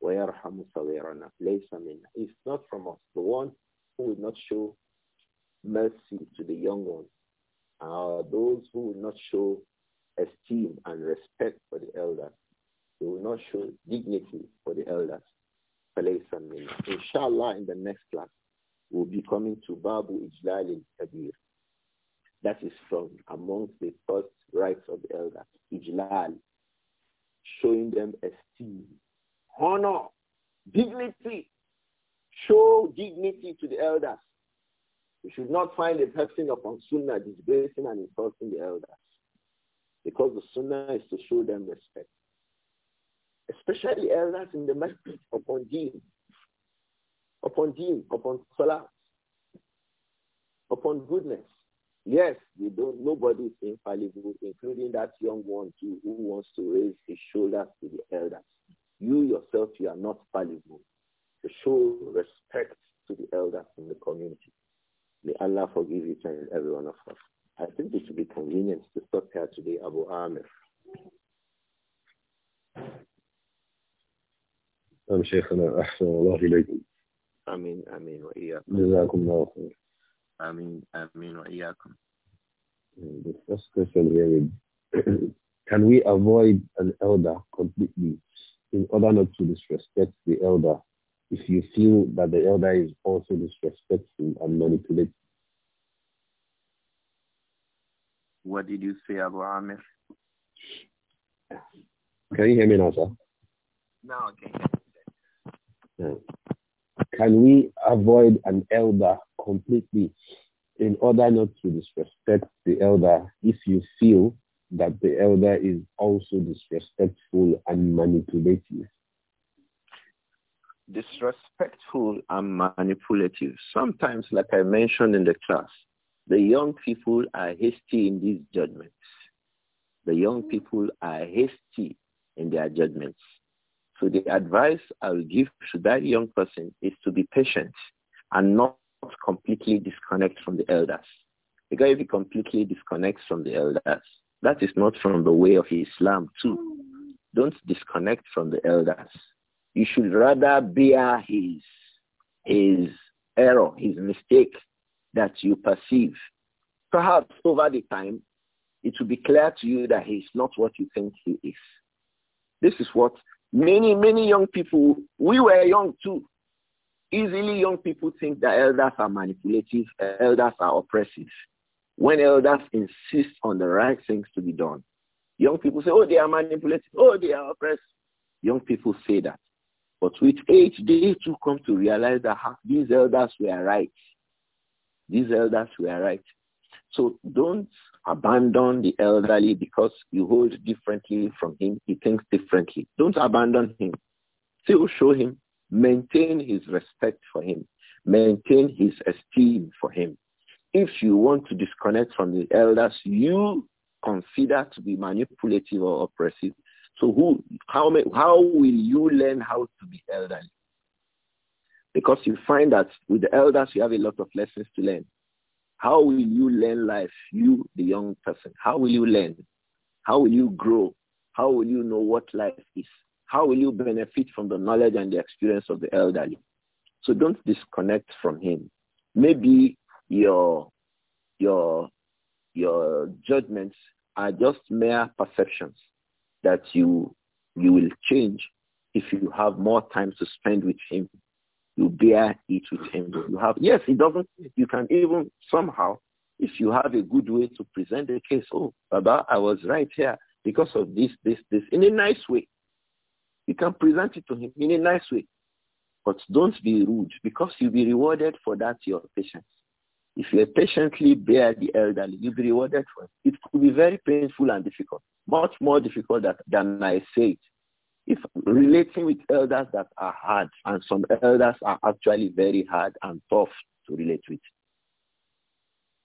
wa yarhamu sawirana. Laysa minna. It's not from us. The one who will not show mercy to the young ones are those who will not show esteem and respect for the elders. They will not show dignity for the elders. Inshallah, in the next class, will be coming to Babu Ijlal in That is from amongst the first rights of the elders, Ijlal, showing them esteem, honor, dignity. Show dignity to the elders. You should not find a person upon Sunnah disgracing and insulting the elders. Because the Sunnah is to show them respect. Especially elders in the masjid upon deen upon him, upon salah, upon goodness. Yes, we don't, nobody is infallible, including that young one too, who wants to raise his shoulders to the elders. You yourself, you are not fallible. To show respect to the elders in the community. May Allah forgive each and every one of us. I think it would be convenient to stop here today, Abu Amir. نعم شيخنا أحسن الله آمين آمين وإياكم جزاكم الله خير آمين آمين وإياكم The first question here is, can we avoid an elder completely in order not to disrespect the elder if you feel that the elder is also disrespectful and manipulative? What did you say, Abu Amir? Can you hear me now, sir? Now I can hear you. Can we avoid an elder completely in order not to disrespect the elder if you feel that the elder is also disrespectful and manipulative? Disrespectful and manipulative. Sometimes, like I mentioned in the class, the young people are hasty in these judgments. The young people are hasty in their judgments. So the advice I will give to that young person is to be patient and not completely disconnect from the elders. Because if he completely disconnects from the elders, that is not from the way of Islam too. Don't disconnect from the elders. You should rather bear his, his error, his mistake that you perceive. Perhaps over the time, it will be clear to you that he is not what you think he is. This is what Many, many young people, we were young too. Easily young people think that elders are manipulative, elders are oppressive. When elders insist on the right things to be done, young people say, oh, they are manipulative, oh, they are oppressive. Young people say that. But with age, they too come to realize that ah, these elders were right. These elders were right. So don't abandon the elderly because you hold differently from him. He thinks differently. Don't abandon him. Still show him. Maintain his respect for him. Maintain his esteem for him. If you want to disconnect from the elders you consider to be manipulative or oppressive, so who, how, how will you learn how to be elderly? Because you find that with the elders, you have a lot of lessons to learn. How will you learn life, you, the young person? How will you learn? How will you grow? How will you know what life is? How will you benefit from the knowledge and the experience of the elderly? So don't disconnect from him. Maybe your, your, your judgments are just mere perceptions that you, you will change if you have more time to spend with him you bear it with him. You have yes, it doesn't. You can even somehow, if you have a good way to present the case, oh Baba, I was right here because of this, this, this, in a nice way. You can present it to him in a nice way, but don't be rude because you'll be rewarded for that your patience. If you patiently bear the elderly, you'll be rewarded for it. It could be very painful and difficult, much more difficult than I say it if relating with elders that are hard, and some elders are actually very hard and tough to relate with.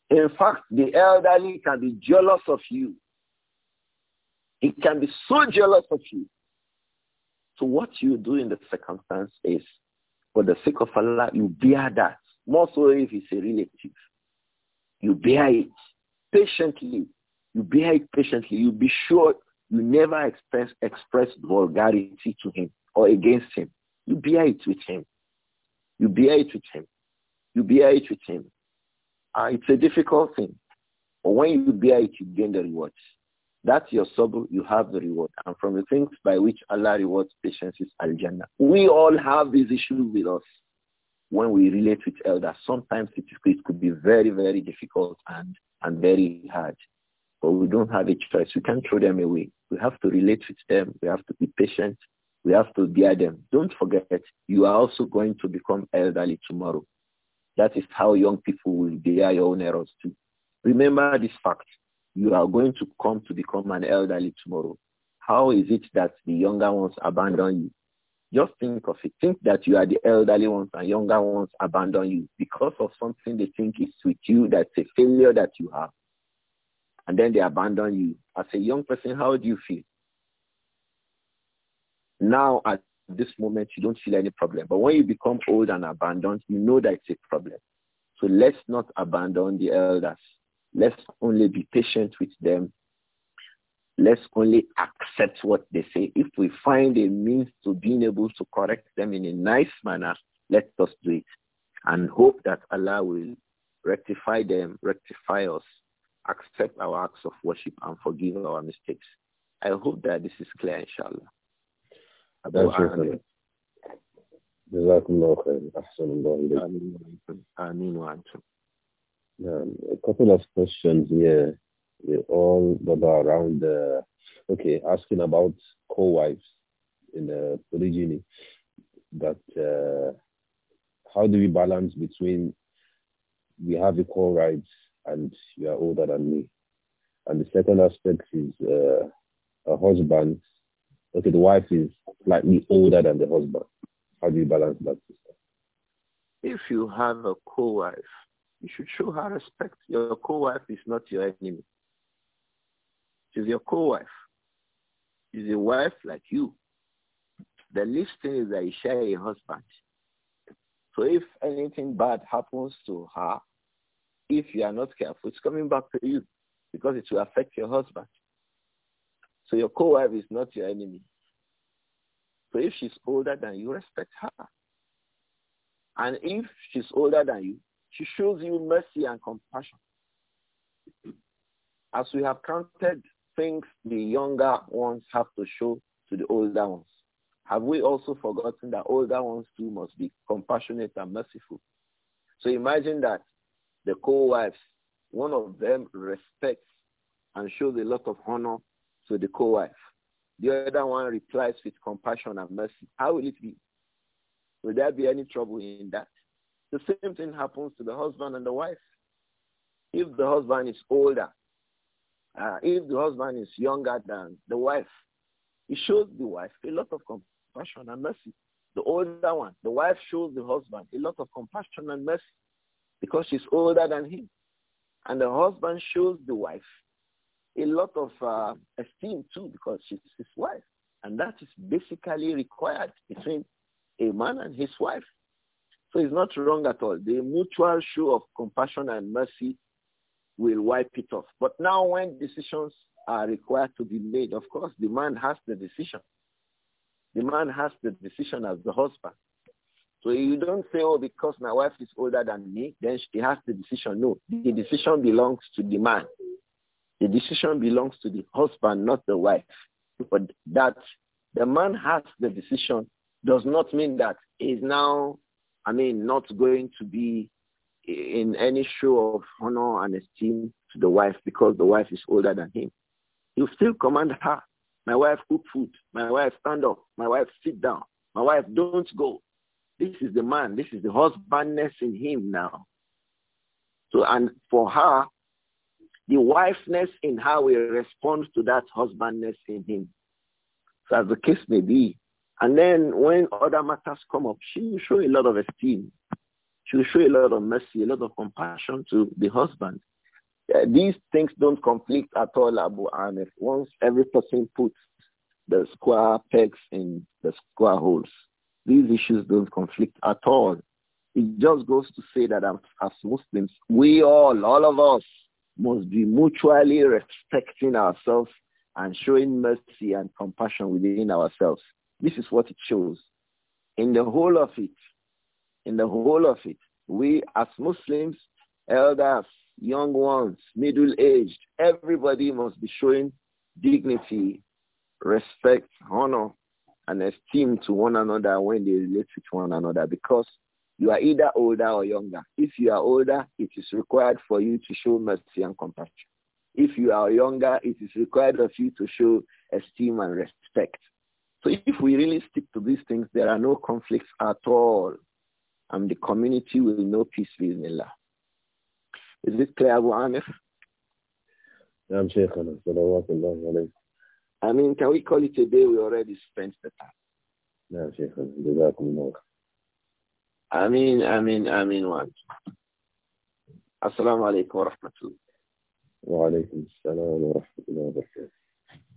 In fact, the elderly can be jealous of you. He can be so jealous of you. So what you do in the circumstance is, for the sake of Allah, you bear that. More so if it's a relative. You bear it patiently. You bear it patiently. You be sure you never express, express vulgarity to him or against him. You bear it with him. You bear it with him. You bear it with him. Uh, it's a difficult thing. But when you bear it, you gain the rewards. That's your sabr, you have the reward. And from the things by which Allah rewards patience is al-Jannah. We all have these issues with us when we relate with elders. Sometimes it, it could be very, very difficult and, and very hard. But we don't have a choice. We can't throw them away. We have to relate with them. We have to be patient. We have to bear them. Don't forget, you are also going to become elderly tomorrow. That is how young people will bear your own errors too. Remember this fact. You are going to come to become an elderly tomorrow. How is it that the younger ones abandon you? Just think of it. Think that you are the elderly ones and younger ones abandon you because of something they think is with you that's a failure that you have and then they abandon you. As a young person, how do you feel? Now, at this moment, you don't feel any problem. But when you become old and abandoned, you know that it's a problem. So let's not abandon the elders. Let's only be patient with them. Let's only accept what they say. If we find a means to being able to correct them in a nice manner, let us do it and hope that Allah will rectify them, rectify us, accept our acts of worship and forgive our mistakes. I hope that this is clear, inshallah. Abu um, a couple of questions here they all about around okay asking about co-wives in the polygyny that uh, how do we balance between we have equal rights and you are older than me. And the second aspect is uh, a husband. Okay, the wife is slightly older than the husband. How do you balance that? If you have a co-wife, you should show her respect. Your co-wife is not your enemy. She's your co-wife. She's a wife like you. The least thing is that you share a husband. So if anything bad happens to her, if you are not careful, it's coming back to you because it will affect your husband. So your co-wife is not your enemy. So if she's older than you, respect her. And if she's older than you, she shows you mercy and compassion. As we have counted things the younger ones have to show to the older ones, have we also forgotten that older ones too must be compassionate and merciful? So imagine that the co-wives, one of them respects and shows a lot of honor to the co-wife. The other one replies with compassion and mercy. How will it be? Will there be any trouble in that? The same thing happens to the husband and the wife. If the husband is older, uh, if the husband is younger than the wife, it shows the wife a lot of compassion and mercy. The older one, the wife shows the husband a lot of compassion and mercy because she's older than him. And the husband shows the wife a lot of uh, esteem too because she's his wife. And that is basically required between a man and his wife. So it's not wrong at all. The mutual show of compassion and mercy will wipe it off. But now when decisions are required to be made, of course, the man has the decision. The man has the decision as the husband. So you don't say, oh, because my wife is older than me, then she has the decision. No, the decision belongs to the man. The decision belongs to the husband, not the wife. But that the man has the decision does not mean that he's now, I mean, not going to be in any show of honor and esteem to the wife because the wife is older than him. You still command her. My wife cook food. My wife stand up. My wife sit down. My wife don't go. This is the man. This is the husbandness in him now. So, and for her, the wifeness in her will respond to that husbandness in him. So as the case may be. And then when other matters come up, she will show a lot of esteem. She will show a lot of mercy, a lot of compassion to the husband. Uh, these things don't conflict at all, Abu Amir. Once every person puts the square pegs in the square holes, these issues don't conflict at all. It just goes to say that as Muslims, we all, all of us, must be mutually respecting ourselves and showing mercy and compassion within ourselves. This is what it shows. In the whole of it, in the whole of it, we as Muslims, elders, young ones, middle-aged, everybody must be showing dignity, respect, honor and esteem to one another when they relate with one another because you are either older or younger. If you are older, it is required for you to show mercy and compassion. If you are younger, it is required of you to show esteem and respect. So if we really stick to these things, there are no conflicts at all. And the community will know peace with Allah. Is this clear, Abu Amir? نعم شيخنا صلوات I mean, can we call it a day? We already spent the time. I mean, I mean, I mean what? Assalamu alaikum wa rahmatullah. Wa alaikum assalam wa rahmatullah wa barakatuh.